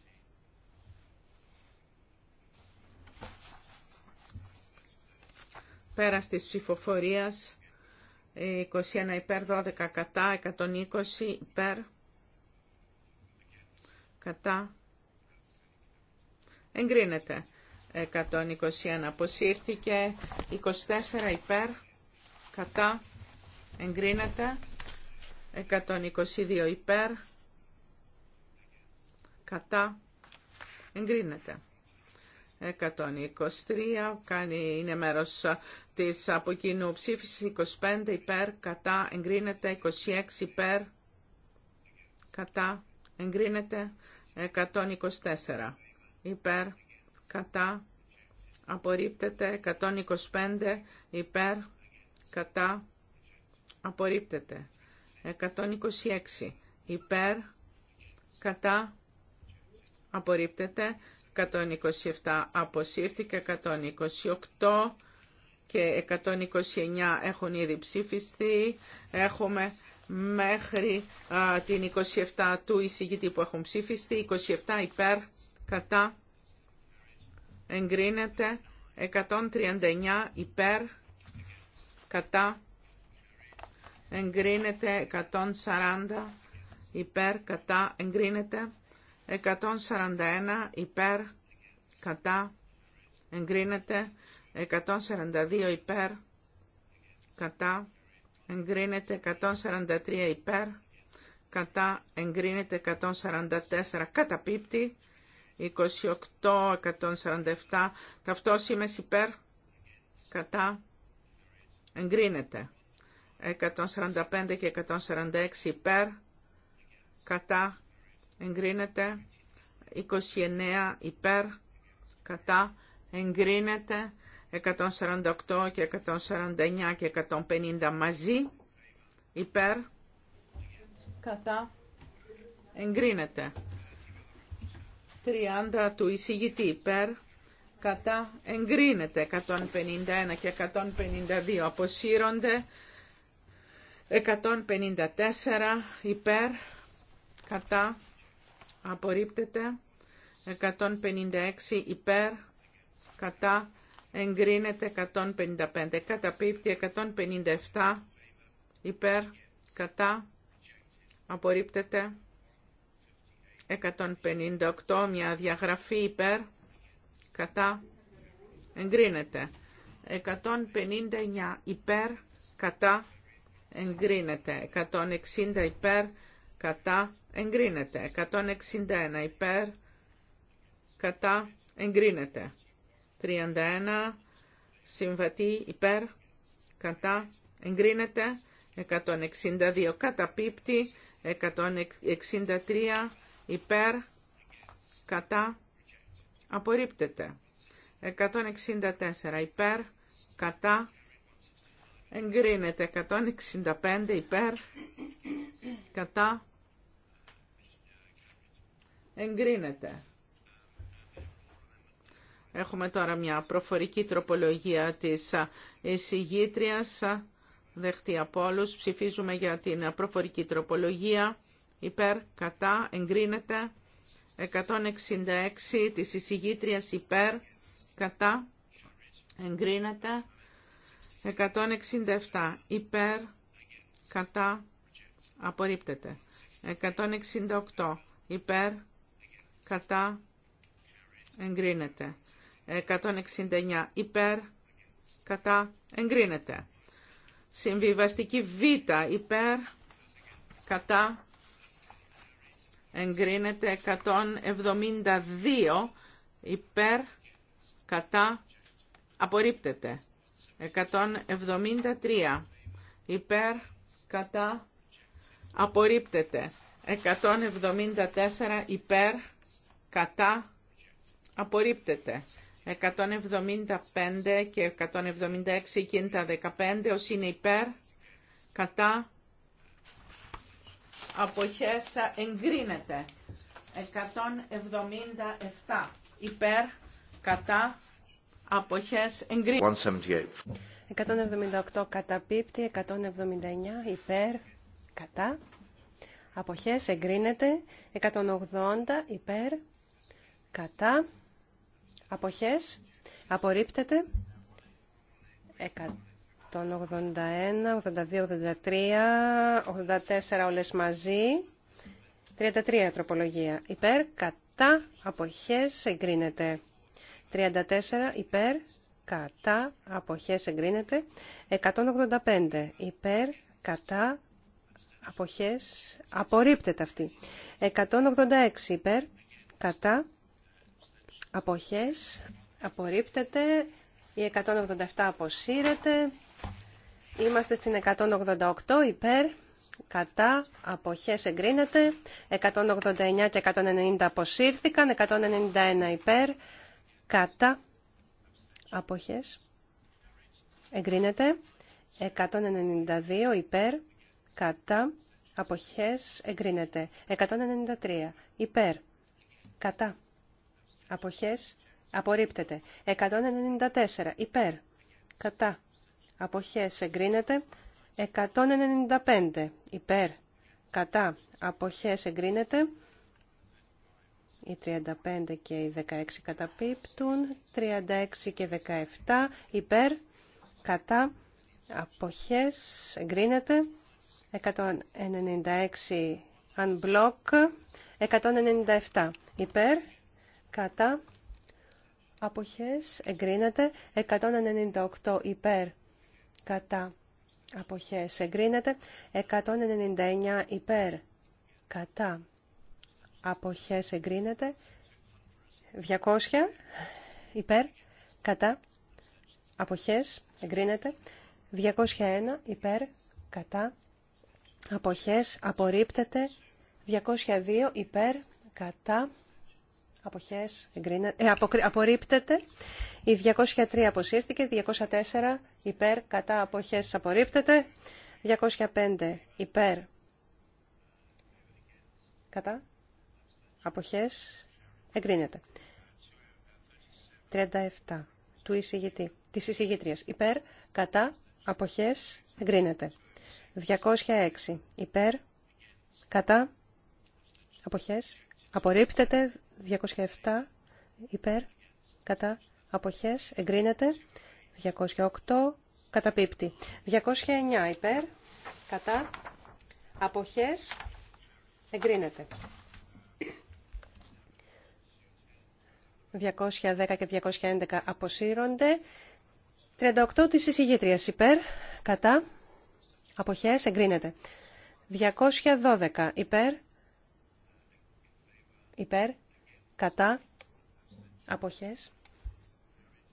Πέρα της ψηφοφορίας, 21 υπέρ, 12 κατά, 120 υπέρ, κατά, εγκρίνεται. 121 αποσύρθηκε, 24 υπέρ, κατά, εγκρίνεται, 122 υπέρ, κατά, εγκρίνεται. 123 κάνει, είναι μέρος της από κοινού ψήφισης, 25 υπέρ, κατά, εγκρίνεται, 26 υπέρ, κατά, εγκρίνεται, 124 υπέρ, κατά, απορρίπτεται 125 υπέρ, κατά, απορρίπτεται 126 υπέρ, κατά, απορρίπτεται 127 αποσύρθηκε, 128 και 129 έχουν ήδη ψηφιστεί. Έχουμε μέχρι την 27 του εισηγητή που έχουν ψηφιστεί, 27 υπέρ, κατά, εγκρίνεται 139 υπέρ κατά εγκρίνεται 140 υπέρ κατά εγκρίνεται 141 υπέρ κατά εγκρίνεται 142 υπέρ κατά εγκρίνεται 143 υπέρ κατά εγκρίνεται 144 καταπίπτει 28, 147, ταυτόσημες υπέρ, κατά, εγκρίνεται. 145 και 146 υπέρ, κατά, εγκρίνεται. 29 υπέρ, κατά, εγκρίνεται. 148 και 149 και 150 μαζί, υπέρ, κατά, εγκρίνεται. 30 του εισηγητή υπέρ κατά εγκρίνεται 151 και 152 αποσύρονται 154 υπέρ κατά απορρίπτεται 156 υπέρ κατά εγκρίνεται 155 καταπίπτει 157 υπέρ κατά απορρίπτεται 158 μια διαγραφή υπέρ κατά εγκρίνεται 159 υπέρ κατά εγκρίνεται 160 υπέρ κατά εγκρίνεται 161 υπέρ κατά εγκρίνεται 31 συμβατή υπέρ κατά εγκρίνεται 162 καταπίπτει 163 υπέρ, κατά, απορρίπτεται. 164 υπέρ, κατά, εγκρίνεται. 165 υπέρ, κατά, εγκρίνεται. Έχουμε τώρα μια προφορική τροπολογία της εισηγήτριας, δεχτεί από όλους. Ψηφίζουμε για την προφορική τροπολογία υπέρ, κατά, εγκρίνεται. 166 της εισηγήτριας υπέρ, κατά, εγκρίνεται. 167 υπέρ, κατά, απορρίπτεται. 168 υπέρ, κατά, εγκρίνεται. 169 υπέρ, κατά, εγκρίνεται. Συμβιβαστική Β υπέρ, κατά, εγκρίνεται 172 υπέρ κατά απορρίπτεται 173 υπέρ κατά απορρίπτεται 174 υπέρ κατά απορρίπτεται 175 και 176 κίνητα 15 ως είναι υπέρ κατά αποχές εγκρίνεται. 177 υπέρ, κατά, αποχές εγκρίνεται. 178 καταπίπτει, 179 υπέρ, κατά, αποχές εγκρίνεται, 180 υπέρ, κατά, αποχές απορρίπτεται, 100 181, 82, 83, 84 όλες μαζί. 33 τροπολογία. Υπέρ, κατά, αποχές, εγκρίνεται. 34 υπέρ, κατά, αποχές, εγκρίνεται. 185 υπέρ, κατά, αποχές, απορρίπτεται αυτή. 186 υπέρ, κατά, αποχές, απορρίπτεται. Η 187 αποσύρεται. Είμαστε στην 188 υπέρ, κατά, αποχές εγκρίνεται. 189 και 190 αποσύρθηκαν. 191 υπέρ, κατά, αποχές εγκρίνεται. 192 υπέρ, κατά, αποχές εγκρίνεται. 193 υπέρ, κατά, αποχές απορρίπτεται. 194 υπέρ, κατά, αποχές εγκρίνεται 195 υπέρ κατά αποχές εγκρίνεται οι 35 και οι 16 καταπίπτουν 36 και 17 υπέρ κατά αποχές εγκρίνεται 196 unblock 197 υπέρ κατά αποχές εγκρίνεται 198 υπέρ κατά απόχέ. εγκρίνεται 199 υπέρ κατά αποχές εγκρίνεται 200 υπέρ κατά αποχές εγκρίνεται 201 υπέρ κατά Αποχέ, απορρίπτεται 202 υπέρ κατά αποχές, ε, απορρίπτεται. Η 203 αποσύρθηκε, 204 υπέρ, κατά αποχές απορρίπτεται, 205 υπέρ, κατά αποχές, εγκρίνεται. 37 του εισηγητή, της εισηγητρίας υπέρ, κατά αποχές, εγκρίνεται. 206 υπέρ, κατά αποχές, απορρίπτεται 207 υπέρ κατά αποχές εγκρίνεται. 208 καταπίπτει. 209 υπέρ κατά αποχές εγκρίνεται. 210 και 211 αποσύρονται. 38 της εισηγήτριας υπέρ, κατά, αποχές, εγκρίνεται. 212 υπέρ, υπέρ, κατά, αποχές,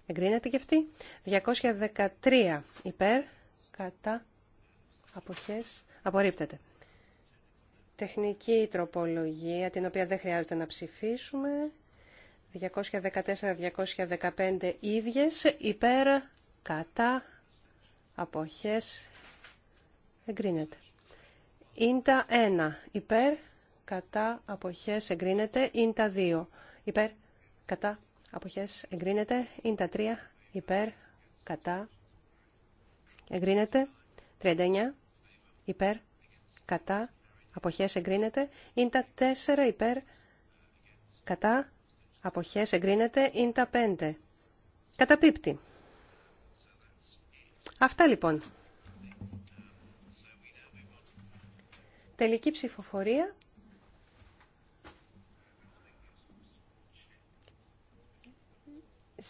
εγκρίνεται και αυτή. 213 υπέρ, κατά, αποχές, απορρίπτεται. Τεχνική τροπολογία, την οποία δεν χρειάζεται να ψηφίσουμε. 214-215 ίδιες, υπέρ, κατά, αποχές, εγκρίνεται. Ίντα 1, υπέρ, κατά, αποχές, εγκρίνεται. Είναι τα 2. Υπέρ, κατά, αποχές, εγκρίνεται. Είναι τα 3. Υπέρ, κατά, εγκρίνεται. 39. Υπέρ, κατά, αποχές, εγκρίνεται. Είναι τα 4. Υπέρ, κατά, αποχές, εγκρίνεται. Είναι τα 5. Καταπίπτει. Αυτά λοιπόν. Τελική ψηφοφορία.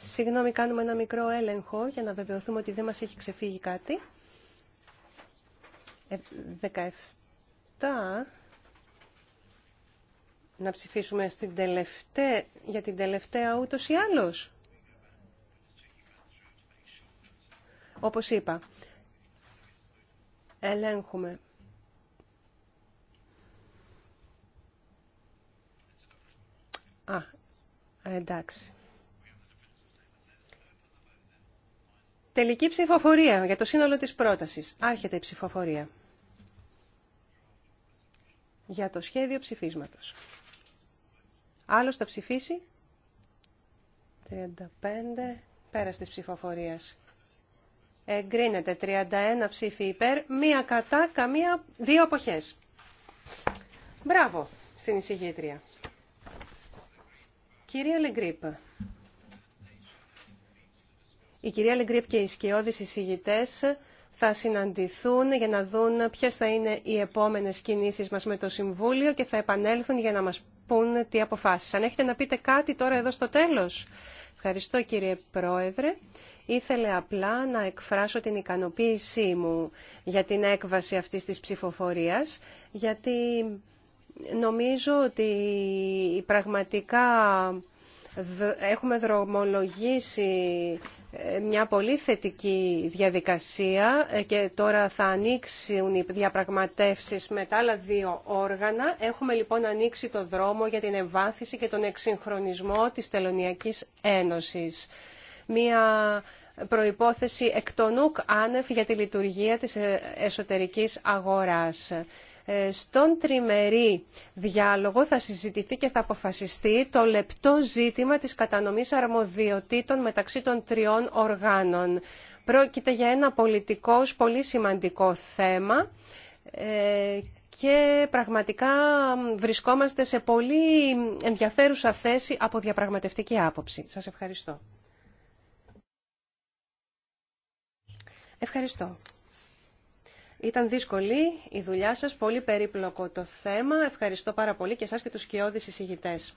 Συγγνώμη, κάνουμε ένα μικρό έλεγχο για να βεβαιωθούμε ότι δεν μας έχει ξεφύγει κάτι. 17. Ε, να ψηφίσουμε στην τελευταία, για την τελευταία ούτως ή άλλως. Όπως είπα, ελέγχουμε. Α, εντάξει. Τελική ψηφοφορία για το σύνολο της πρότασης. Άρχεται η ψηφοφορία για το σχέδιο ψηφίσματος. Άλλος θα ψηφίσει. 35. Πέρας της ψηφοφορίας. Εγκρίνεται 31 ψήφοι υπέρ, μία κατά, καμία, δύο αποχές. Μπράβο στην εισηγήτρια. Κυρία Λεγκρίπ, η κυρία Λεγκρίπ και οι σκιώδεις εισηγητές θα συναντηθούν για να δουν ποιες θα είναι οι επόμενες κινήσεις μας με το Συμβούλιο και θα επανέλθουν για να μας πούν τι αποφάσεις. Αν έχετε να πείτε κάτι τώρα εδώ στο τέλος. Ευχαριστώ κύριε Πρόεδρε. Ήθελε απλά να εκφράσω την ικανοποίησή μου για την έκβαση αυτής της ψηφοφορίας, γιατί νομίζω ότι πραγματικά έχουμε δρομολογήσει μια πολύ θετική διαδικασία ε, και τώρα θα ανοίξουν οι διαπραγματεύσεις με τα άλλα δύο όργανα. Έχουμε λοιπόν ανοίξει το δρόμο για την εμβάθυνση και τον εξυγχρονισμό της Τελωνιακής Ένωσης. Μια προϋπόθεση εκ των ουκ άνευ για τη λειτουργία της ε, εσωτερικής αγοράς. Ε, στον τριμερή διάλογο θα συζητηθεί και θα αποφασιστεί το λεπτό ζήτημα της κατανομής αρμοδιοτήτων μεταξύ των τριών οργάνων. Πρόκειται για ένα πολιτικό πολύ σημαντικό θέμα ε, και πραγματικά βρισκόμαστε σε πολύ ενδιαφέρουσα θέση από διαπραγματευτική άποψη. Σας ευχαριστώ. Ευχαριστώ. Ήταν δύσκολη η δουλειά σας, πολύ περίπλοκο το θέμα. Ευχαριστώ πάρα πολύ και εσάς και του σκιώδεις εισηγητές.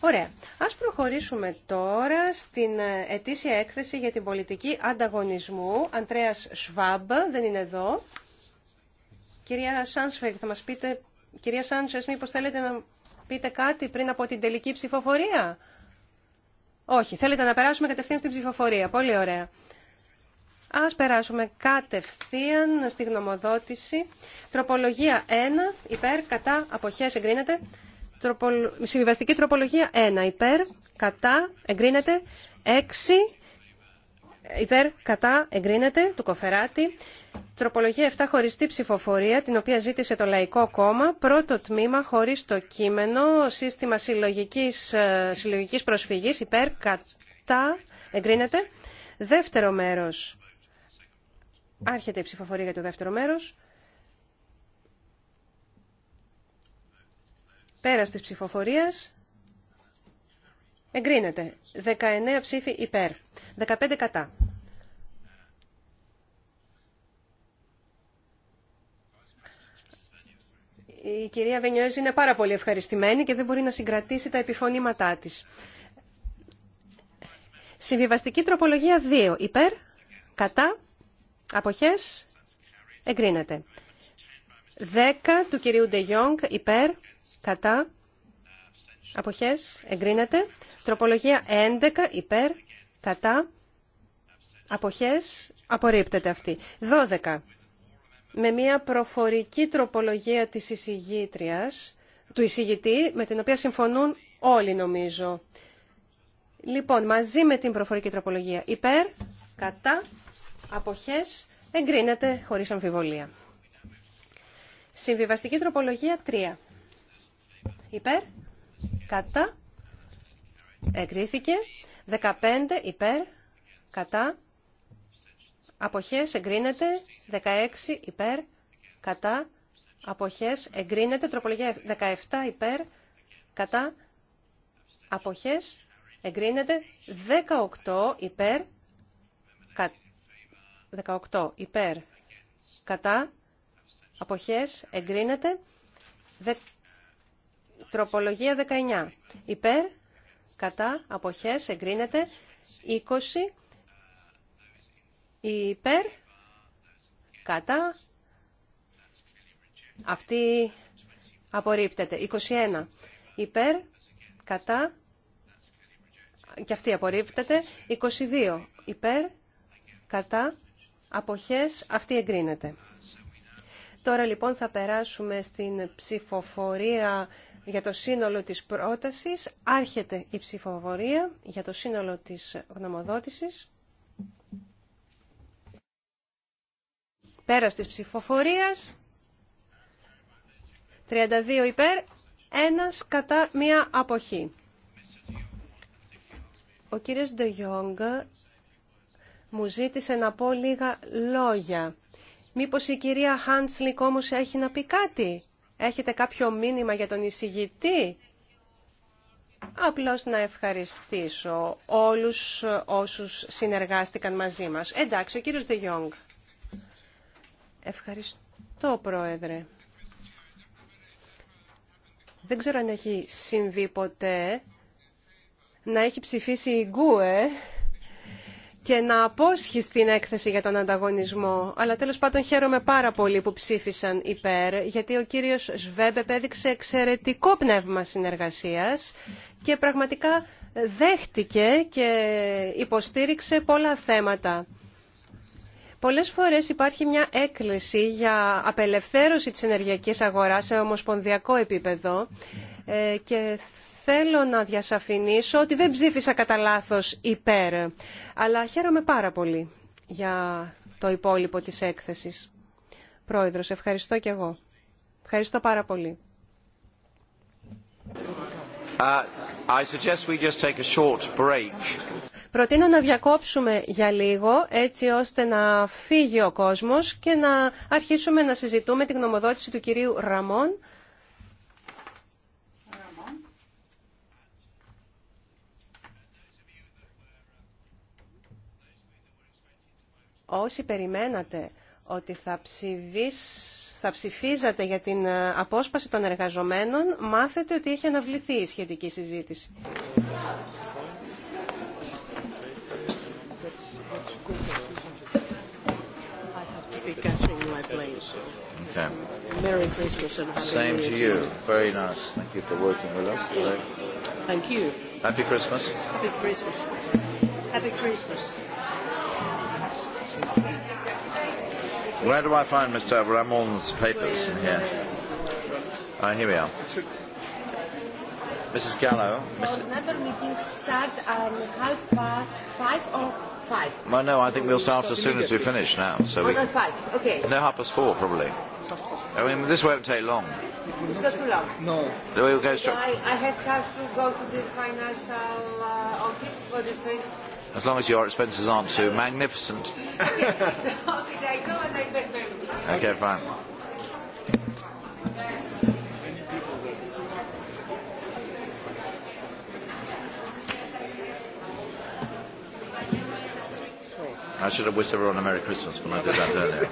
Ωραία. Ας προχωρήσουμε τώρα στην ε, ετήσια έκθεση για την πολιτική ανταγωνισμού. Αντρέας Σβάμπ δεν είναι εδώ. Κυρία Σάνσφερ, θα μας πείτε... Κυρία Σάνσφερ, μήπως θέλετε να πείτε κάτι πριν από την τελική ψηφοφορία. Όχι, θέλετε να περάσουμε κατευθείαν στην ψηφοφορία. Πολύ ωραία. Ας περάσουμε κατευθείαν στη γνωμοδότηση. Τροπολογία 1, υπέρ, κατά, αποχές, εγκρίνεται. Τροπολο... Συμβιβαστική τροπολογία 1, υπέρ, κατά, εγκρίνεται. 6, υπέρ, κατά, εγκρίνεται, του Κοφεράτη. Τροπολογία 7, χωριστή ψηφοφορία, την οποία ζήτησε το Λαϊκό Κόμμα. Πρώτο τμήμα, χωρίς το κείμενο, σύστημα συλλογικής, ε, συλλογικής προσφυγής, υπέρ, κατά, εγκρίνεται. Δεύτερο μέρος, Άρχεται η ψηφοφορία για το δεύτερο μέρος. Πέρας της ψηφοφορίας. Εγκρίνεται. 19 ψήφοι υπέρ. 15 κατά. Η κυρία Βενιόζη είναι πάρα πολύ ευχαριστημένη και δεν μπορεί να συγκρατήσει τα επιφωνήματά της. Συμβιβαστική τροπολογία 2. Υπέρ, κατά, Αποχές. Εγκρίνεται. 10 του κυρίου Ντεγιόγκ υπέρ, κατά, αποχές, εγκρίνεται. Τροπολογία 11 υπέρ, κατά, αποχές, απορρίπτεται αυτή. 12. Με μια προφορική τροπολογία της εισηγήτριας, του εισηγητή, με την οποία συμφωνούν όλοι νομίζω. Λοιπόν, μαζί με την προφορική τροπολογία υπέρ, κατά, αποχές εγκρίνεται χωρίς αμφιβολία. Συμβιβαστική τροπολογία 3. Υπέρ, κατά, εγκρίθηκε. 15 υπέρ, κατά, αποχές εγκρίνεται. 16 υπέρ, κατά, αποχές εγκρίνεται. Τροπολογία 17 υπέρ, κατά, αποχές εγκρίνεται. 18 υπέρ, 18 υπέρ κατά αποχές εγκρίνεται Δε... τροπολογία 19 υπέρ κατά αποχές εγκρίνεται 20 υπέρ κατά αυτή απορρίπτεται 21 υπέρ κατά και αυτή απορρίπτεται 22 υπέρ κατά Αποχές αυτή εγκρίνεται. Τώρα λοιπόν θα περάσουμε στην ψηφοφορία για το σύνολο της πρότασης. Άρχεται η ψηφοφορία για το σύνολο της γνωμοδότησης. Πέρας της ψηφοφορίας, 32 υπέρ, ένας κατά μία αποχή. Ο κύριος Ντογιόγκα μου ζήτησε να πω λίγα λόγια. Μήπως η κυρία Χάντσλικ όμως έχει να πει κάτι. Έχετε κάποιο μήνυμα για τον εισηγητή. Απλώς να ευχαριστήσω όλους όσους συνεργάστηκαν μαζί μας. Εντάξει, ο κύριος Ντεγιόγκ. Ευχαριστώ, Πρόεδρε. Δεν ξέρω αν έχει συμβεί ποτέ να έχει ψηφίσει η Γκουε και να απόσχει στην έκθεση για τον ανταγωνισμό. Αλλά τέλος πάντων χαίρομαι πάρα πολύ που ψήφισαν υπέρ, γιατί ο κύριος Σβέμπ επέδειξε εξαιρετικό πνεύμα συνεργασίας και πραγματικά δέχτηκε και υποστήριξε πολλά θέματα. Πολλές φορές υπάρχει μια έκκληση για απελευθέρωση της ενεργειακής αγοράς σε ομοσπονδιακό επίπεδο ε, και Θέλω να διασαφηνίσω ότι δεν ψήφισα κατά λάθο υπέρ, αλλά χαίρομαι πάρα πολύ για το υπόλοιπο της έκθεσης. Πρόεδρος, ευχαριστώ και εγώ. Ευχαριστώ πάρα πολύ. Uh, Προτείνω να διακόψουμε για λίγο έτσι ώστε να φύγει ο κόσμος και να αρχίσουμε να συζητούμε την γνωμοδότηση του κυρίου Ραμών Όσοι περιμένατε ότι θα, θα ψηφίζατε για την απόσπαση των εργαζομένων, μάθετε ότι έχει αναβληθεί η σχετική συζήτηση. Okay. Merry Christmas and Happy Same to you. Very nice. Thank you for working with us today. Thank you. Happy Christmas. Happy Christmas. Happy Christmas. Where do I find Mr. Ramon's papers in here? Ah, here we are. Mrs. Gallo. Another meeting starts at half past five or five. Well, no, I think we'll start as soon as we finish now. So we. five. Okay. No, half past four probably. I mean, this won't take long. It's not too long. No. We'll go straight. I, I have chance to go to the financial office for the As long as your expenses aren't too magnificent. Okay, fine. I should have wished everyone a Merry Christmas when I did that earlier.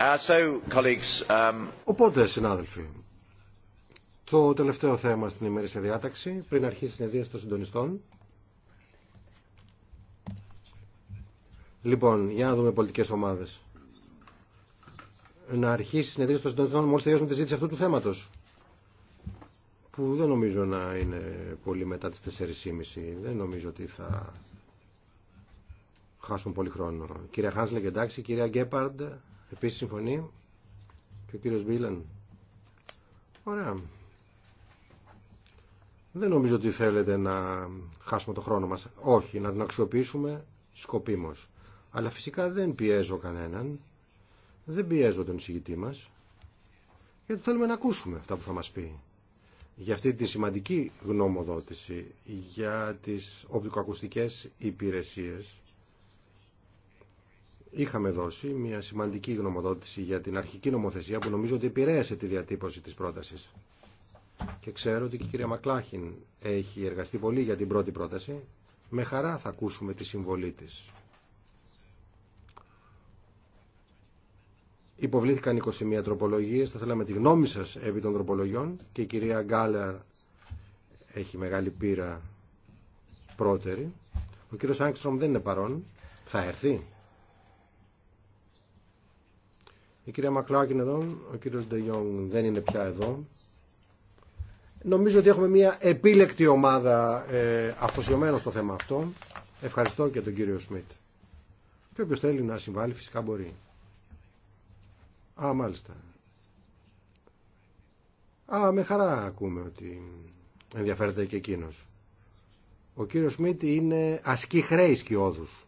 Uh, um, Οπότε, συνάδελφοι, το τελευταίο θέμα στην ημερήσια διάταξη, πριν αρχίσει η συνεδρίαση των συντονιστών. Λοιπόν, για να δούμε πολιτικέ ομάδε. Να αρχίσει η συνεδρίαση των συντονιστών μόλι τελειώσουμε τη ζήτηση αυτού του θέματο. Που δεν νομίζω να είναι πολύ μετά τι 4.30. Δεν νομίζω ότι θα χάσουν πολύ χρόνο. Κυρία Χάνσλεγκ εντάξει. Κυρία Γκέπαρντ, Επίσης συμφωνεί και ο κύριος Μπίλαν. Ωραία. Δεν νομίζω ότι θέλετε να χάσουμε το χρόνο μας. Όχι, να τον αξιοποιήσουμε σκοπίμως. Αλλά φυσικά δεν πιέζω κανέναν. Δεν πιέζω τον εισηγητή μας. Γιατί θέλουμε να ακούσουμε αυτά που θα μας πει. Για αυτή τη σημαντική γνωμοδότηση για τις οπτικοακουστικές υπηρεσίες είχαμε δώσει μια σημαντική γνωμοδότηση για την αρχική νομοθεσία που νομίζω ότι επηρέασε τη διατύπωση της πρότασης. Και ξέρω ότι και η κυρία Μακλάχιν έχει εργαστεί πολύ για την πρώτη πρόταση. Με χαρά θα ακούσουμε τη συμβολή της. Υποβλήθηκαν 21 τροπολογίες, θα θέλαμε τη γνώμη σας επί των τροπολογιών και η κυρία Γκάλα έχει μεγάλη πείρα πρώτερη. Ο κύριος Άγκστρομ δεν είναι παρόν, θα έρθει. Η κυρία είναι εδώ, ο κύριος Ντεγιόν δεν είναι πια εδώ. Νομίζω ότι έχουμε μια επίλεκτη ομάδα ε, αφοσιωμένο στο θέμα αυτό. Ευχαριστώ και τον κύριο Σμιτ. Και όποιος θέλει να συμβάλλει φυσικά μπορεί. Α, μάλιστα. Α, με χαρά ακούμε ότι ενδιαφέρεται και εκείνος. Ο κύριος Σμιτ είναι ασκή και όδους.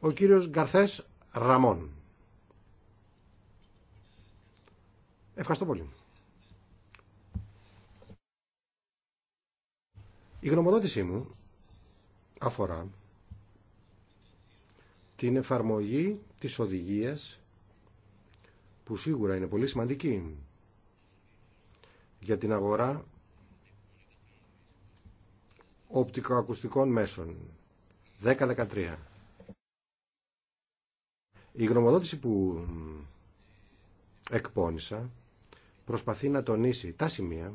Ο κύριος Γκαρθές Ραμών. Ευχαριστώ πολύ. Η γνωμοδότησή μου αφορά την εφαρμογή της οδηγίας που σίγουρα είναι πολύ σημαντική για την αγορά οπτικοακουστικών μέσων 10-13. Η γνωμοδότηση που εκπώνησα προσπαθεί να τονίσει τα σημεία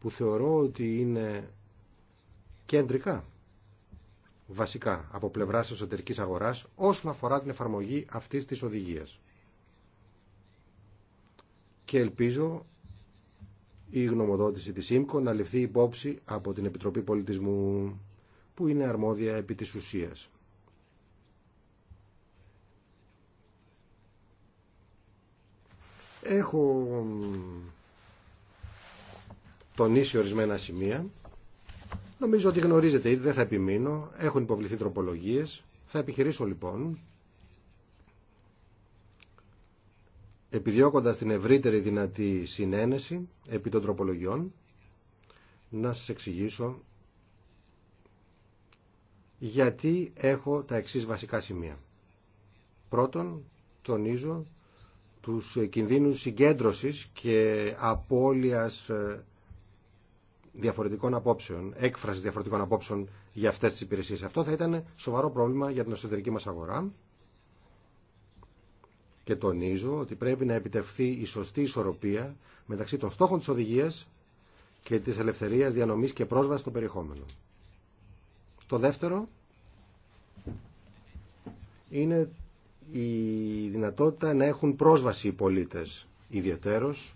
που θεωρώ ότι είναι κεντρικά, βασικά, από πλευράς εσωτερικής αγοράς όσον αφορά την εφαρμογή αυτής της οδηγίας. Και ελπίζω η γνωμοδότηση της ΣΥΜΚΟ να ληφθεί υπόψη από την Επιτροπή Πολιτισμού που είναι αρμόδια επί της ουσίας. Έχω τονίσει ορισμένα σημεία. Νομίζω ότι γνωρίζετε ήδη, δεν θα επιμείνω. Έχουν υποβληθεί τροπολογίες. Θα επιχειρήσω λοιπόν, επιδιώκοντας την ευρύτερη δυνατή συνένεση επί των τροπολογιών, να σας εξηγήσω γιατί έχω τα εξής βασικά σημεία. Πρώτον, τονίζω τους κινδύνους συγκέντρωσης και απώλειας ε, διαφορετικών απόψεων, έκφρασης διαφορετικών απόψεων για αυτές τις υπηρεσίες. Αυτό θα ήταν σοβαρό πρόβλημα για την εσωτερική μας αγορά και τονίζω ότι πρέπει να επιτευχθεί η σωστή ισορροπία μεταξύ των στόχων της οδηγίας και της ελευθερίας διανομής και πρόσβασης στο περιεχόμενο. Το δεύτερο είναι η δυνατότητα να έχουν πρόσβαση οι πολίτες ιδιαίτερος.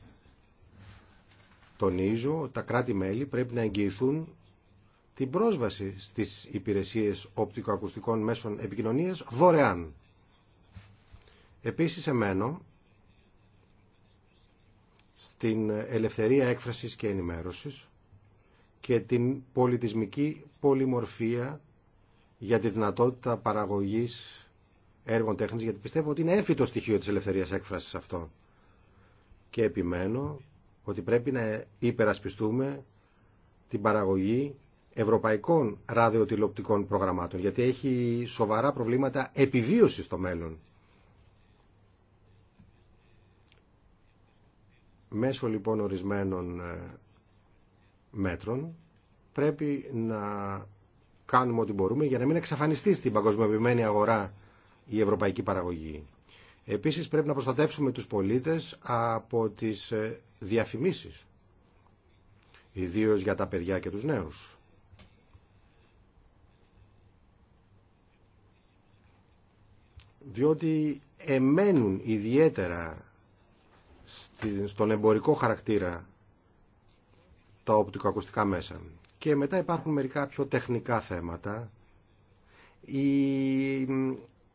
Τονίζω, ότι τα κράτη-μέλη πρέπει να εγγυηθούν την πρόσβαση στις υπηρεσίες οπτικοακουστικών μέσων επικοινωνίας δωρεάν. Επίσης εμένω στην ελευθερία έκφρασης και ενημέρωσης και την πολιτισμική πολυμορφία για τη δυνατότητα παραγωγής έργων τέχνης, γιατί πιστεύω ότι είναι έφυτο στοιχείο της ελευθερίας έκφρασης αυτό. Και επιμένω ότι πρέπει να υπερασπιστούμε την παραγωγή ευρωπαϊκών ραδιοτηλεοπτικών προγραμμάτων, γιατί έχει σοβαρά προβλήματα επιβίωσης στο μέλλον. Μέσω λοιπόν ορισμένων ε, μέτρων πρέπει να κάνουμε ό,τι μπορούμε για να μην εξαφανιστεί στην παγκοσμιοποιημένη αγορά η ευρωπαϊκή παραγωγή. Επίσης πρέπει να προστατεύσουμε τους πολίτες από τις ε, διαφημίσεις, ιδίως για τα παιδιά και τους νέους. Διότι εμένουν ιδιαίτερα στον εμπορικό χαρακτήρα τα οπτικοακουστικά μέσα. Και μετά υπάρχουν μερικά πιο τεχνικά θέματα. Η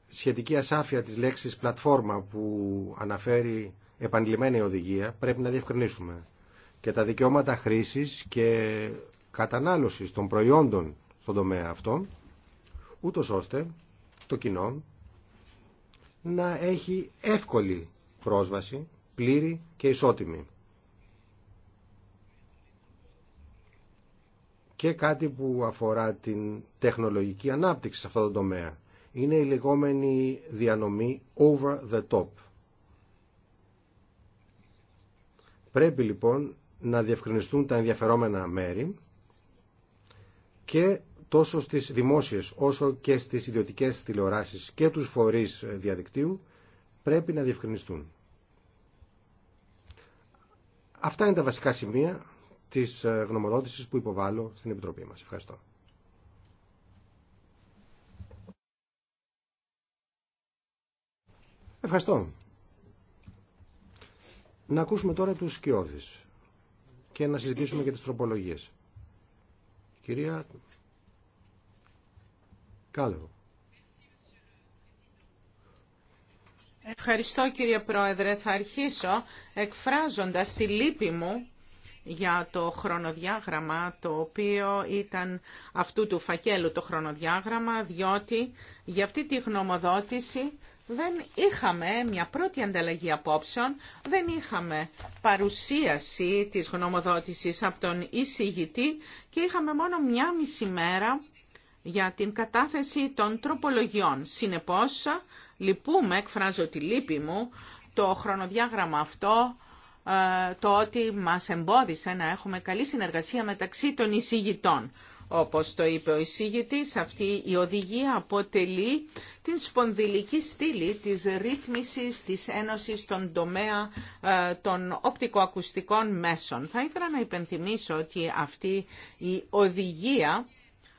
σχετική ασάφεια της λέξης πλατφόρμα που αναφέρει επανειλημμένη οδηγία πρέπει να διευκρινίσουμε και τα δικαιώματα χρήσης και κατανάλωσης των προϊόντων στον τομέα αυτό ούτω ώστε το κοινό να έχει εύκολη πρόσβαση, πλήρη και ισότιμη. Και κάτι που αφορά την τεχνολογική ανάπτυξη σε αυτό το τομέα είναι η λεγόμενη διανομή over the top. Πρέπει λοιπόν να διευκρινιστούν τα ενδιαφερόμενα μέρη και τόσο στις δημόσιες όσο και στις ιδιωτικές τηλεοράσεις και τους φορείς διαδικτύου πρέπει να διευκρινιστούν. Αυτά είναι τα βασικά σημεία της ε, γνωμοδότησης που υποβάλλω στην Επιτροπή μας. Ευχαριστώ. Ευχαριστώ. Να ακούσουμε τώρα τους σκιώδεις και να συζητήσουμε για τις τροπολογίες. Κυρία Κάλεβο. Ευχαριστώ κύριε Πρόεδρε. Θα αρχίσω εκφράζοντας τη λύπη μου για το χρονοδιάγραμμα το οποίο ήταν αυτού του φακέλου το χρονοδιάγραμμα διότι για αυτή τη γνωμοδότηση δεν είχαμε μια πρώτη ανταλλαγή απόψεων, δεν είχαμε παρουσίαση της γνωμοδότησης από τον εισηγητή και είχαμε μόνο μια μισή μέρα για την κατάθεση των τροπολογιών. Συνεπώς, λυπούμε, εκφράζω τη λύπη μου, το χρονοδιάγραμμα αυτό, ε, το ότι μας εμπόδισε να έχουμε καλή συνεργασία μεταξύ των εισηγητών. Όπως το είπε ο εισήγητης, αυτή η οδηγία αποτελεί την σπονδυλική στήλη της ρύθμισης της Ένωσης των τομέα ε, των οπτικοακουστικών μέσων. Θα ήθελα να υπενθυμίσω ότι αυτή η οδηγία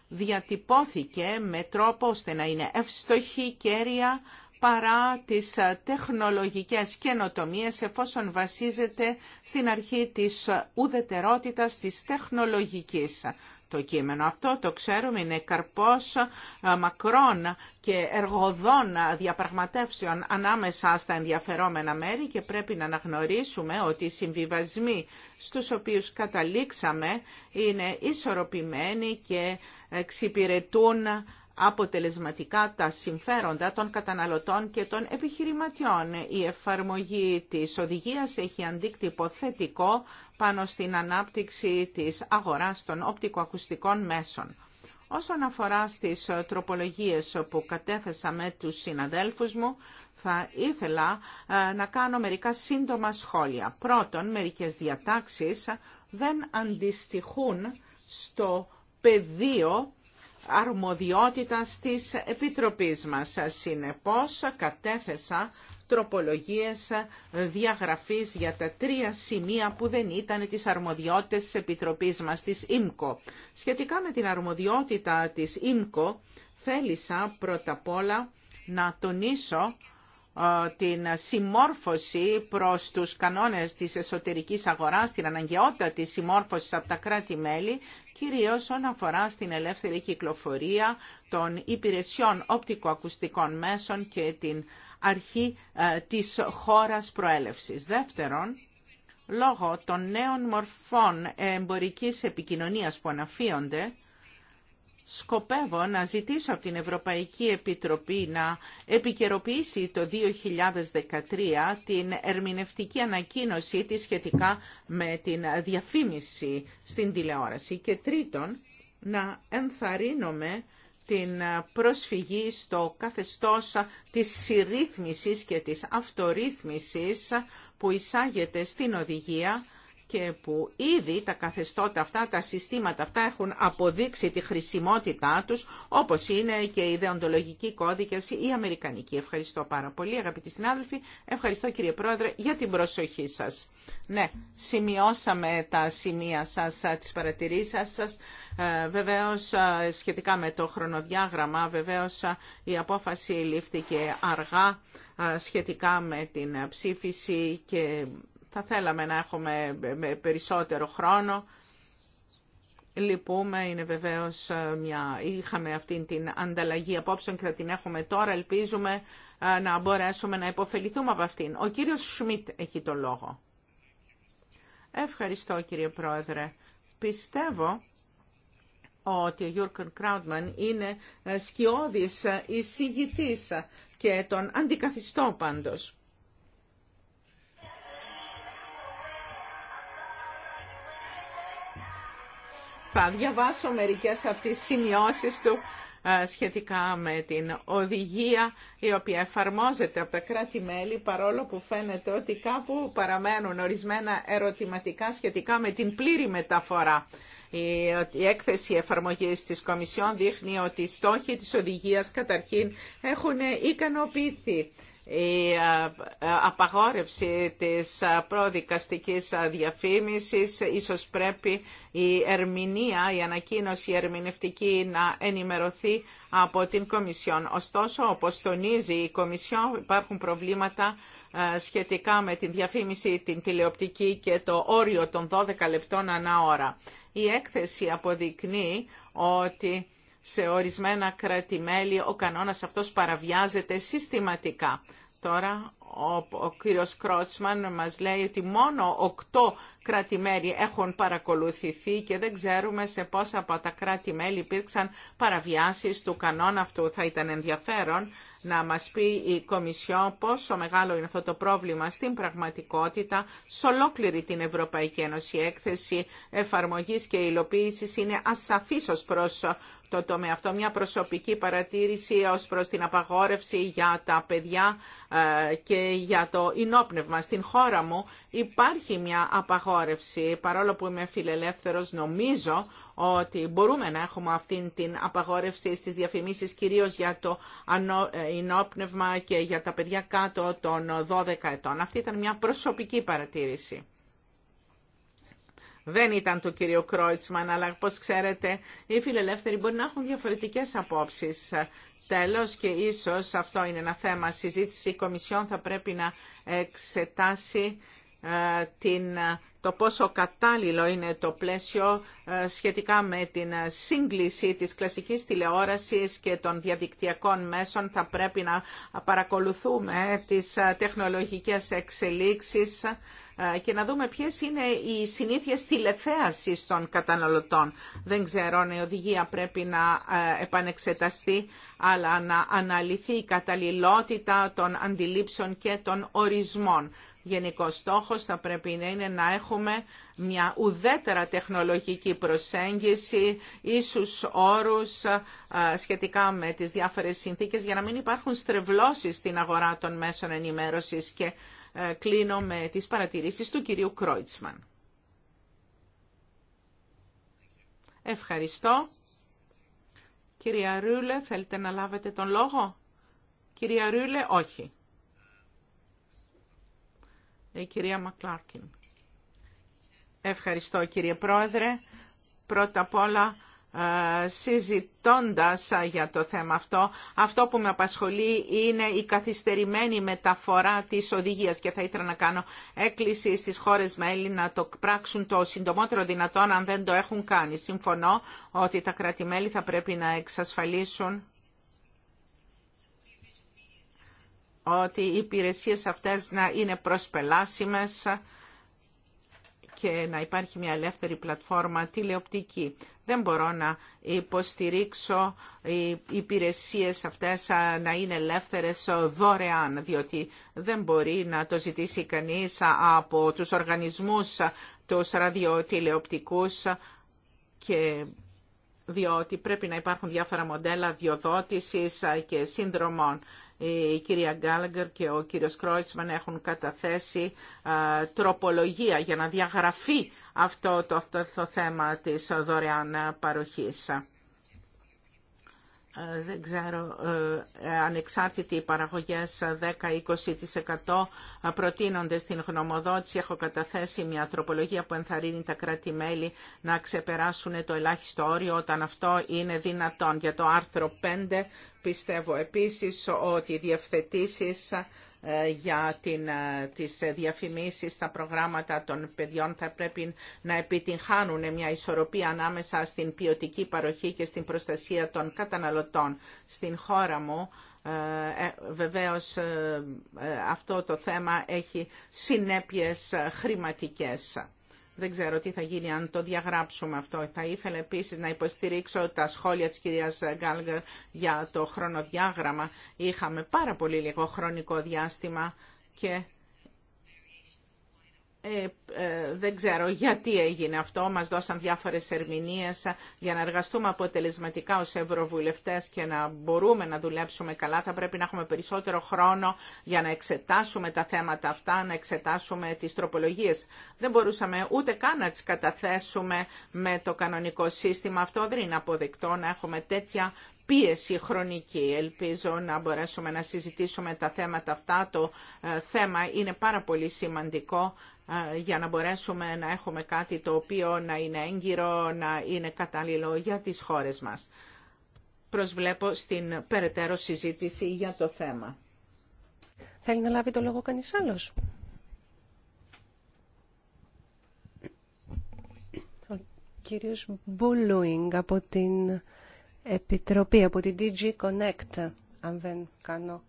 διατυπώθηκε με τρόπο ώστε να είναι ευστοχή, κέρια, παρά τις ε, τεχνολογικές καινοτομίες εφόσον βασίζεται στην αρχή της ουδετερότητας της τεχνολογικής το κείμενο. Αυτό το ξέρουμε είναι καρπός μακρών και εργοδών διαπραγματεύσεων ανάμεσα στα ενδιαφερόμενα μέρη και πρέπει να αναγνωρίσουμε ότι οι συμβιβασμοί στους οποίους καταλήξαμε είναι ισορροπημένοι και εξυπηρετούν αποτελεσματικά τα συμφέροντα των καταναλωτών και των επιχειρηματιών. Η εφαρμογή της οδηγίας έχει αντίκτυπο θετικό πάνω στην ανάπτυξη της αγοράς των οπτικοακουστικών μέσων. Όσον αφορά στις τροπολογίες που κατέθεσα με τους συναδέλφους μου, θα ήθελα ε, να κάνω μερικά σύντομα σχόλια. Πρώτον, μερικές διατάξεις δεν αντιστοιχούν στο πεδίο αρμοδιότητας της Επιτροπής μας. Συνεπώς κατέθεσα τροπολογίες διαγραφής για τα τρία σημεία που δεν ήταν τις αρμοδιότητες της Επιτροπής μας, της ΙΜΚΟ. Σχετικά με την αρμοδιότητα της ΙΜΚΟ, θέλησα πρώτα απ' όλα να τονίσω ε, την συμμόρφωση προς τους κανόνες της εσωτερικής αγοράς, την αναγκαιότητα της συμμόρφωσης από τα κράτη-μέλη κυρίως όσον αφορά στην ελεύθερη κυκλοφορία των υπηρεσιών οπτικοακουστικών μέσων και την αρχή ε, της χώρας προέλευσης. Δεύτερον, λόγω των νέων μορφών εμπορικής επικοινωνίας που αναφύονται, σκοπεύω να ζητήσω από την Ευρωπαϊκή Επιτροπή να επικαιροποιήσει το 2013 την ερμηνευτική ανακοίνωσή της σχετικά με την διαφήμιση στην τηλεόραση και τρίτον να ενθαρρύνομαι την προσφυγή στο καθεστώς της συρρύθμισης και της αυτορύθμισης που εισάγεται στην οδηγία και που ήδη τα καθεστώτα αυτά, τα συστήματα αυτά έχουν αποδείξει τη χρησιμότητά τους, όπως είναι και η ιδεοντολογική κώδικαση ή ή αμερικανική. Ευχαριστώ πάρα πολύ, αγαπητοί συνάδελφοι. Ευχαριστώ, κύριε Πρόεδρε, για την προσοχή σας. Ναι, σημειώσαμε τα σημεία σας, τις παρατηρήσεις σας. Ε, βεβαίως, ε, σχετικά με το χρονοδιάγραμμα, βεβαίως ε, η απόφαση λήφθηκε αργά σχετικά με την ψήφιση και θα θέλαμε να έχουμε περισσότερο χρόνο. Λυπούμε, είναι βεβαίως ε, μια... Είχαμε αυτή την ανταλλαγή απόψεων και θα την έχουμε τώρα. Ελπίζουμε ε, να μπορέσουμε να υποφεληθούμε από αυτήν. Ο κύριος Σμιτ έχει το λόγο. Ευχαριστώ κύριε Πρόεδρε. Πιστεύω ότι ο Γιούρκεν Κράουτμαν είναι ε, σκιώδης εισηγητής και τον αντικαθιστώ πάντως. Θα διαβάσω μερικές από τις σημειώσεις του ε, σχετικά με την οδηγία η οποία εφαρμόζεται από τα κράτη-μέλη παρόλο που φαίνεται ότι κάπου παραμένουν ορισμένα ερωτηματικά σχετικά με την πλήρη μεταφορά. Η έκθεση εφαρμογής της Κομισιόν δείχνει ότι οι στόχοι της οδηγίας καταρχήν έχουν ικανοποιηθεί η ε, ε, απαγόρευση της ε, προδικαστικής διαφήμισης. Ίσως πρέπει η ερμηνεία, η ανακοίνωση ερμηνευτική να ενημερωθεί από την Κομισιόν. Ωστόσο, όπως τονίζει η Κομισιόν, υπάρχουν προβλήματα σχετικά με την διαφήμιση, την τηλεοπτική και το όριο των 12 λεπτών ανά ώρα. Η έκθεση αποδεικνύει ότι σε ορισμένα κράτη-μέλη ο κανόνας αυτός παραβιάζεται συστηματικά. Τώρα ο, ο κύριος Κρόσμαν μας λέει ότι μόνο οκτώ κράτη-μέλη έχουν παρακολουθηθεί και δεν ξέρουμε σε πόσα από τα κράτη-μέλη υπήρξαν παραβιάσεις του κανόνα αυτού. Θα ήταν ενδιαφέρον να μας πει η Κομισιό πόσο μεγάλο είναι αυτό το πρόβλημα στην πραγματικότητα σε ολόκληρη την Ευρωπαϊκή Ένωση. Η έκθεση εφαρμογής και υλοποίησης είναι ασαφής ως προς το τομέα αυτό. Μια προσωπική παρατήρηση ως προς την απαγόρευση για τα παιδιά ε, και για το ενόπνευμα. Στην χώρα μου υπάρχει μια απαγόρευση. Παρόλο που είμαι φιλελεύθερος, νομίζω ότι μπορούμε να έχουμε αυτή την απαγόρευση στις διαφημίσεις κυρίως για το ε, ενόπνευμα και για τα παιδιά κάτω των 12 ετών. Αυτή ήταν μια προσωπική παρατήρηση δεν ήταν του κυρίου Κρόιτσμαν, αλλά όπως ξέρετε οι φιλελεύθεροι μπορεί να έχουν διαφορετικές απόψεις. Τέλος και ίσως αυτό είναι ένα θέμα συζήτηση, η Κομισιόν θα πρέπει να εξετάσει ε, την, ε, το πόσο κατάλληλο είναι το πλαίσιο ε, σχετικά με την σύγκληση της κλασικής τηλεόρασης και των διαδικτυακών μέσων θα πρέπει να παρακολουθούμε τις τεχνολογικές εξελίξεις ε, και να δούμε ποιες είναι οι συνήθειες τηλεθέασης των καταναλωτών. Δεν ξέρω αν η οδηγία πρέπει να ε, επανεξεταστεί, αλλά να αναλυθεί η καταλληλότητα των αντιλήψεων και των ορισμών. Γενικό στόχος θα πρέπει να είναι να έχουμε μια ουδέτερα τεχνολογική προσέγγιση, ίσους όρους ε, σχετικά με τις διάφορες συνθήκες για να μην υπάρχουν στρεβλώσεις στην αγορά των μέσων ενημέρωσης και ε, κλείνω με τις παρατηρήσεις του κυρίου Κρόιτσμαν. Ευχαριστώ. Κυρία Ρούλε, θέλετε να λάβετε τον λόγο. Κυρία Ρούλε, όχι. Η κυρία Μακλάρκιν. Ευχαριστώ κύριε Πρόεδρε. Πρώτα απ' όλα ε, συζητώντας για το θέμα αυτό. Αυτό που με απασχολεί είναι η καθυστερημένη μεταφορά της οδηγίας και θα ήθελα να κάνω έκκληση στις χώρες μέλη να το πράξουν το συντομότερο δυνατόν αν δεν το έχουν κάνει. Συμφωνώ ότι τα κράτη-μέλη θα πρέπει να εξασφαλίσουν ότι οι υπηρεσίες αυτές να είναι προσπελάσιμες και να υπάρχει μια ελεύθερη πλατφόρμα τηλεοπτική. Δεν μπορώ να υποστηρίξω οι υπηρεσίες αυτές να είναι ελεύθερες δωρεάν, διότι δεν μπορεί να το ζητήσει κανείς από τους οργανισμούς τους ραδιοτηλεοπτικούς και διότι πρέπει να υπάρχουν διάφορα μοντέλα διοδότησης και σύνδρομων. Ε, η κυρία Γκάλαγκερ και ο κύριος Κρόιτσμαν έχουν καταθέσει τροπολογία για να διαγραφεί αυτό το, αυτό το θέμα της δωρεάν παροχής. Ε, δεν ξέρω, ε, ανεξάρτητοι παραγωγές 10-20% προτείνονται στην γνωμοδότηση. Έχω καταθέσει μια τροπολογία που ενθαρρύνει τα κράτη-μέλη να ξεπεράσουν το ελάχιστο όριο όταν αυτό είναι δυνατόν. Για το άρθρο 5 Πιστεύω επίσης ότι οι διευθετήσεις ε, για την, ε, τις διαφημίσεις στα προγράμματα των παιδιών θα πρέπει να επιτυγχάνουν μια ισορροπία ανάμεσα στην ποιοτική παροχή και στην προστασία των καταναλωτών. Στην χώρα μου ε, βεβαίως αυτό το θέμα έχει συνέπειες χρηματικές. Δεν ξέρω τι θα γίνει αν το διαγράψουμε αυτό. Θα ήθελα επίσης να υποστηρίξω τα σχόλια της κυρίας Γκάλγκερ για το χρονοδιάγραμμα. Είχαμε πάρα πολύ λίγο χρονικό διάστημα και ε, ε, δεν ξέρω γιατί έγινε αυτό. Μας δώσαν διάφορες ερμηνείες για να εργαστούμε αποτελεσματικά ως ευρωβουλευτές και να μπορούμε να δουλέψουμε καλά. Θα πρέπει να έχουμε περισσότερο χρόνο για να εξετάσουμε τα θέματα αυτά, να εξετάσουμε τις τροπολογίες. Δεν μπορούσαμε ούτε καν να τις καταθέσουμε με το κανονικό σύστημα. Αυτό δεν είναι αποδεκτό να έχουμε τέτοια πίεση χρονική. Ελπίζω να μπορέσουμε να συζητήσουμε τα θέματα αυτά. Το ε, θέμα είναι πάρα πολύ σημαντικό για να μπορέσουμε να έχουμε κάτι το οποίο να είναι έγκυρο, να είναι κατάλληλο για τις χώρες μας. Προσβλέπω στην περαιτέρω συζήτηση για το θέμα. Θέλει να λάβει το λόγο κανείς άλλος. Ο κύριος Μπούλουινγκ από την Επιτροπή, από την DG Connect, αν δεν κάνω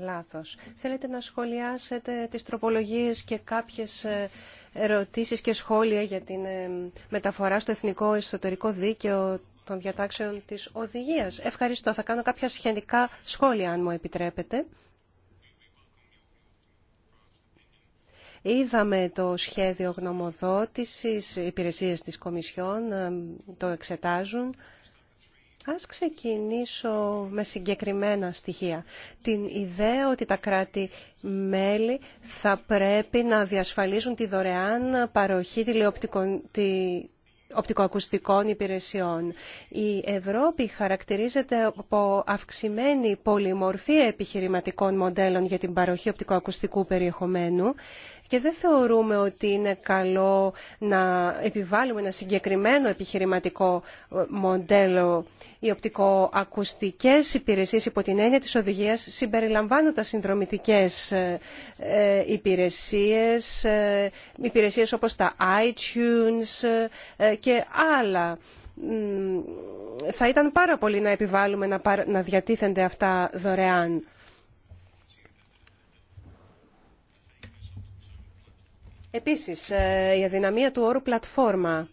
λάθος. Θέλετε να σχολιάσετε τις τροπολογίες και κάποιες ε, ερωτήσεις και σχόλια για την ε, μεταφορά στο εθνικό εσωτερικό δίκαιο των διατάξεων της οδηγίας. Ευχαριστώ. Θα κάνω κάποια σχετικά σχόλια, αν μου επιτρέπετε. Είδαμε το σχέδιο γνωμοδότησης, οι υπηρεσίες της Κομισιόν ε, το εξετάζουν. Ας ξεκινήσω με συγκεκριμένα στοιχεία. Την ιδέα ότι τα κράτη-μέλη θα πρέπει να διασφαλίζουν τη δωρεάν παροχή τηλεοπτικών, τη οπτικοακουστικών υπηρεσιών. Η Ευρώπη χαρακτηρίζεται από αυξημένη πολυμορφία επιχειρηματικών μοντέλων για την παροχή οπτικοακουστικού περιεχομένου και δεν θεωρούμε ότι είναι καλό να επιβάλλουμε ένα συγκεκριμένο επιχειρηματικό ε, μοντέλο. Οι οπτικοακουστικές υπηρεσίες υπό την έννοια της οδηγίας συμπεριλαμβάνουν τα συνδρομητικές ε, ε, υπηρεσίες, υπηρεσίες όπως τα iTunes και άλλα θα ήταν πάρα πολύ να επιβάλλουμε να διατίθενται αυτά δωρεάν. Επίσης, ε, η αδυναμία του όρου πλατφόρμα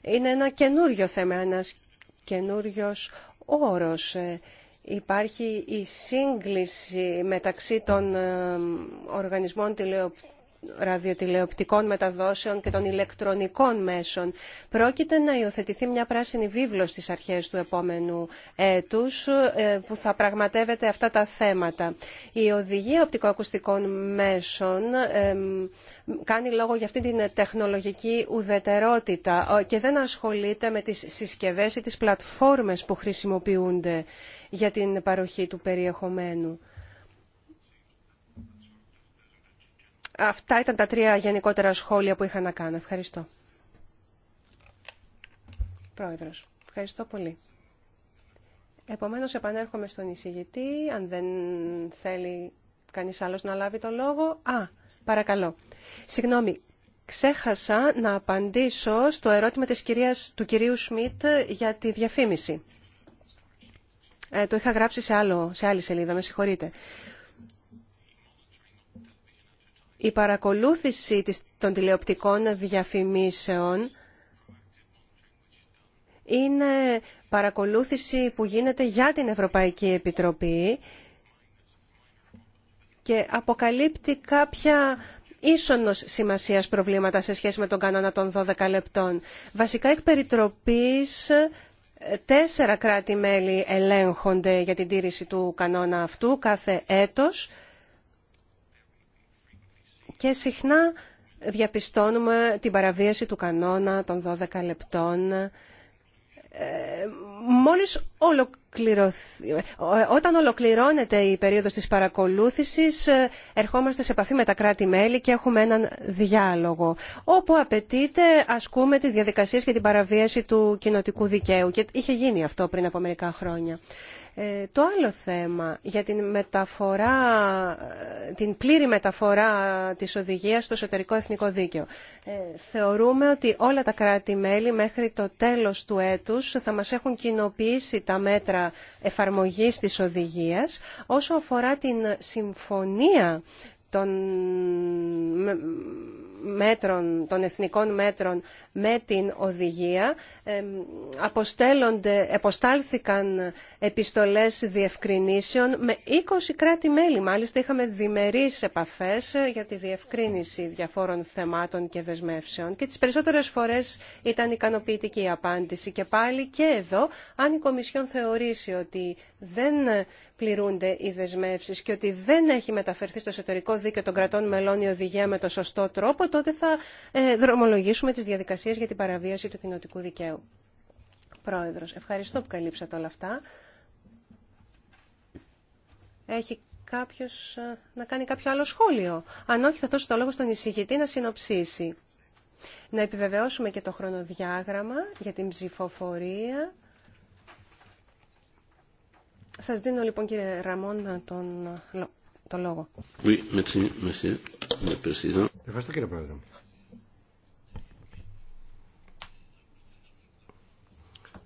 είναι ένα καινούριο θέμα, ένας καινούριος όρος. Ε, υπάρχει η σύγκληση μεταξύ των ε, οργανισμών ραδιοτηλεοπτικών μεταδόσεων και των ηλεκτρονικών μέσων. Πρόκειται να υιοθετηθεί μια πράσινη βίβλος στις αρχές του επόμενου έτους ε, που θα πραγματεύεται αυτά τα θέματα. Η οδηγία οπτικοακουστικών μέσων κάνει λόγο για αυτή την τεχνολογική ουδετερότητα και δεν ασχολείται με τις συσκευές ή τις πλατφόρμες που χρησιμοποιούνται για την παροχή του περιεχομένου. Αυτά ήταν τα τρία γενικότερα σχόλια που είχα να κάνω. Ευχαριστώ. Πρόεδρος, ευχαριστώ πολύ. Επομένως, επανέρχομαι στον εισηγητή. Αν δεν θέλει κανείς άλλος να λάβει το λόγο... Α, παρακαλώ. Συγγνώμη, ξέχασα να απαντήσω στο ερώτημα της κυρίας, του κυρίου Σμιτ για τη διαφήμιση. Ε, το είχα γράψει σε, άλλο, σε άλλη σελίδα, με συγχωρείτε η παρακολούθηση των τηλεοπτικών διαφημίσεων είναι παρακολούθηση που γίνεται για την Ευρωπαϊκή Επιτροπή και αποκαλύπτει κάποια ίσονος σημασίας προβλήματα σε σχέση με τον κανόνα των 12 λεπτών. Βασικά εκ περιτροπής τέσσερα κράτη-μέλη ελέγχονται για την τήρηση του κανόνα αυτού κάθε έτος και συχνά διαπιστώνουμε την παραβίαση του κανόνα των 12 λεπτών. Ε, μόλις ολοκληρωθεί, ε, όταν ολοκληρώνεται η περίοδος της παρακολούθησης ε, ερχόμαστε σε επαφή με τα κράτη-μέλη και έχουμε έναν διάλογο όπου απαιτείται ασκούμε τις διαδικασίες για την παραβίαση του κοινοτικού δικαίου και είχε γίνει αυτό πριν από μερικά χρόνια. Ε, το άλλο θέμα για την, μεταφορά, ε, την πλήρη μεταφορά της οδηγίας στο εσωτερικό εθνικό δίκαιο. Ε, θεωρούμε ότι όλα τα κράτη-μέλη μέχρι το τέλος του έτους θα μας έχουν κοινοποιήσει τα μέτρα εφαρμογής της οδηγίας όσο αφορά την συμφωνία των των εθνικών μέτρων με την οδηγία. Ε, αποστάλθηκαν επιστολές διευκρινήσεων με 20 κράτη-μέλη. Μάλιστα είχαμε διμερείς επαφές ε, για τη διευκρίνηση διαφόρων θεμάτων και δεσμεύσεων και τις περισσότερες φορές ήταν ικανοποιητική η απάντηση. Και πάλι και εδώ, αν η Κομισιόν θεωρήσει ότι δεν πληρούνται οι δεσμεύσει και ότι δεν έχει μεταφερθεί στο εσωτερικό δίκαιο των κρατών μελών η οδηγία με το σωστό τρόπο, τότε θα ε, δρομολογήσουμε τις διαδικασίες για την παραβίαση του κοινοτικού δικαίου. Πρόεδρος, ευχαριστώ που καλύψατε όλα αυτά. Έχει κάποιο ε, να κάνει κάποιο άλλο σχόλιο. Αν όχι, θα δώσω το λόγο στον εισηγητή να συνοψίσει. Να επιβεβαιώσουμε και το χρονοδιάγραμμα για την ψηφοφορία σας δίνω λοιπόν κύριε Ραμόν τον, λόγο. Oui, merci, le président. Ευχαριστώ κύριε Πρόεδρε.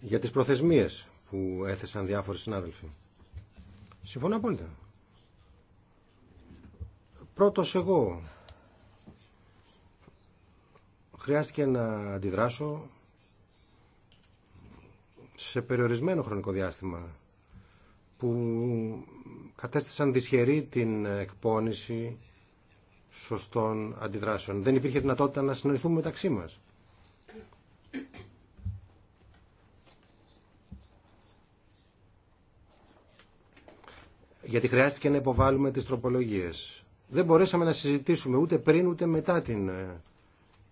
Για τις προθεσμίες που έθεσαν διάφοροι συνάδελφοι. Συμφωνώ απόλυτα. Πρώτος εγώ χρειάστηκε να αντιδράσω σε περιορισμένο χρονικό διάστημα που κατέστησαν δυσχερή την εκπόνηση σωστών αντιδράσεων. Δεν υπήρχε δυνατότητα να συνοηθούμε μεταξύ μας. Γιατί χρειάστηκε να υποβάλουμε τις τροπολογίες. Δεν μπορέσαμε να συζητήσουμε ούτε πριν ούτε μετά την ε,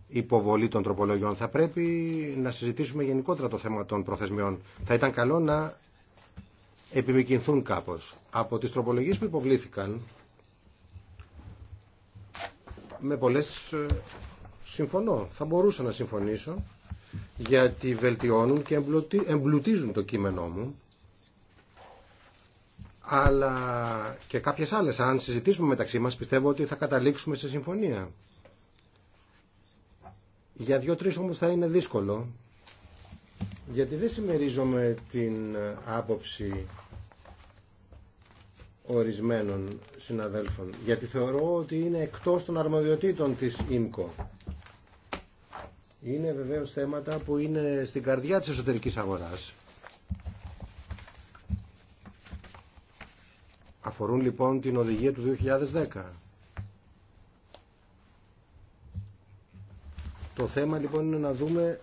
υποβολή των τροπολογιών. Θα πρέπει να συζητήσουμε γενικότερα το θέμα των προθεσμιών. Θα ήταν καλό να επιμηκυνθούν κάπως. Από τις τροπολογίες που υποβλήθηκαν, με πολλές ε, συμφωνώ, θα μπορούσα να συμφωνήσω, γιατί βελτιώνουν και εμπλουτίζουν το κείμενό μου, αλλά και κάποιες άλλες. Αν συζητήσουμε μεταξύ μας, πιστεύω ότι θα καταλήξουμε σε συμφωνία. Για δύο-τρεις όμως θα είναι δύσκολο γιατί δεν συμμερίζομαι την άποψη ορισμένων συναδέλφων, γιατί θεωρώ ότι είναι εκτός των αρμοδιοτήτων της ΙΜΚΟ. Είναι βεβαίως θέματα που είναι στην καρδιά της εσωτερικής αγοράς. Αφορούν λοιπόν την οδηγία του 2010. Το θέμα λοιπόν είναι να δούμε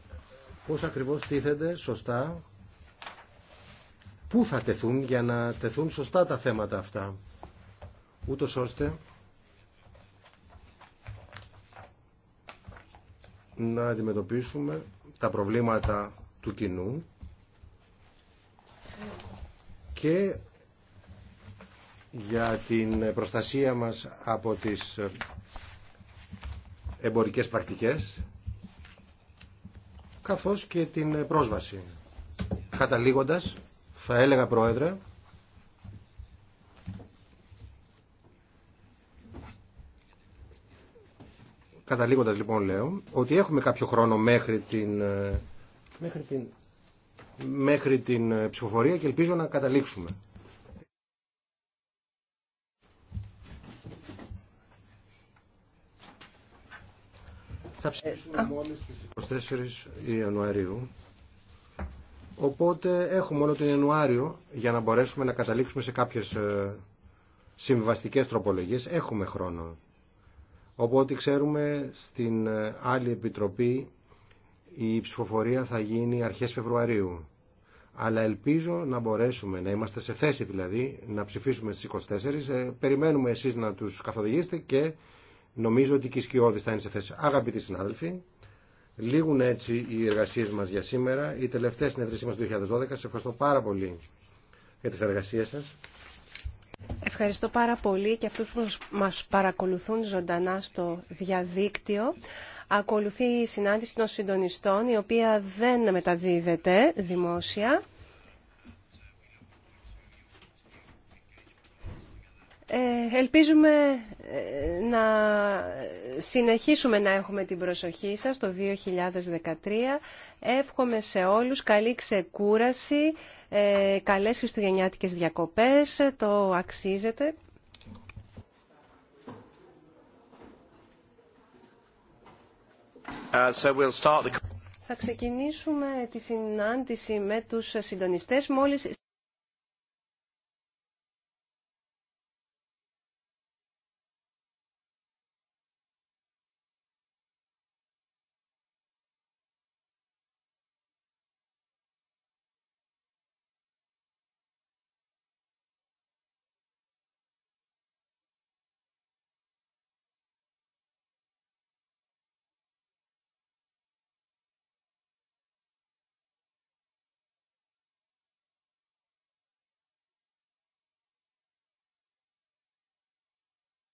πώς ακριβώς τίθενται σωστά, πού θα τεθούν για να τεθούν σωστά τα θέματα αυτά, ούτως ώστε να αντιμετωπίσουμε τα προβλήματα του κοινού και για την προστασία μας από τις εμπορικές πρακτικές καθώς και την πρόσβαση. Καταλήγοντας, θα έλεγα Πρόεδρε, καταλήγοντας λοιπόν λέω, ότι έχουμε κάποιο χρόνο μέχρι την, ε, μέχρι την, μέχρι την ε, ψηφοφορία και ελπίζω να καταλήξουμε. Θα ψηφίσουμε μόλις στις 24 Ιανουαρίου. Οπότε έχουμε μόνο τον Ιανουάριο για να μπορέσουμε να καταλήξουμε σε κάποιες ε, συμβαστικές τροπολογίες. Έχουμε χρόνο. Οπότε ξέρουμε στην ε, άλλη επιτροπή η ψηφοφορία θα γίνει αρχές Φεβρουαρίου. Αλλά ελπίζω να μπορέσουμε, να είμαστε σε θέση δηλαδή, να ψηφίσουμε στις 24. Ε, περιμένουμε εσείς να τους καθοδηγήσετε και Νομίζω ότι και οι θα είναι σε θέση. Αγαπητοί συνάδελφοι, λίγουν έτσι οι εργασίες μας για σήμερα. Η τελευταία συνεδρίαση μας το 2012. ευχαριστώ πάρα πολύ για τις εργασίες σας. Ευχαριστώ πάρα πολύ και αυτούς που μας παρακολουθούν ζωντανά στο διαδίκτυο. Ακολουθεί η συνάντηση των συντονιστών, η οποία δεν μεταδίδεται δημόσια. Ε, ελπίζουμε ε, να συνεχίσουμε να έχουμε την προσοχή σας το 2013. Εύχομαι σε όλους καλή ξεκούραση, ε, καλές χριστουγεννιάτικες διακοπές, το αξίζετε. Uh, Θα ξεκινήσουμε τη συνάντηση με τους συντονιστές μόλις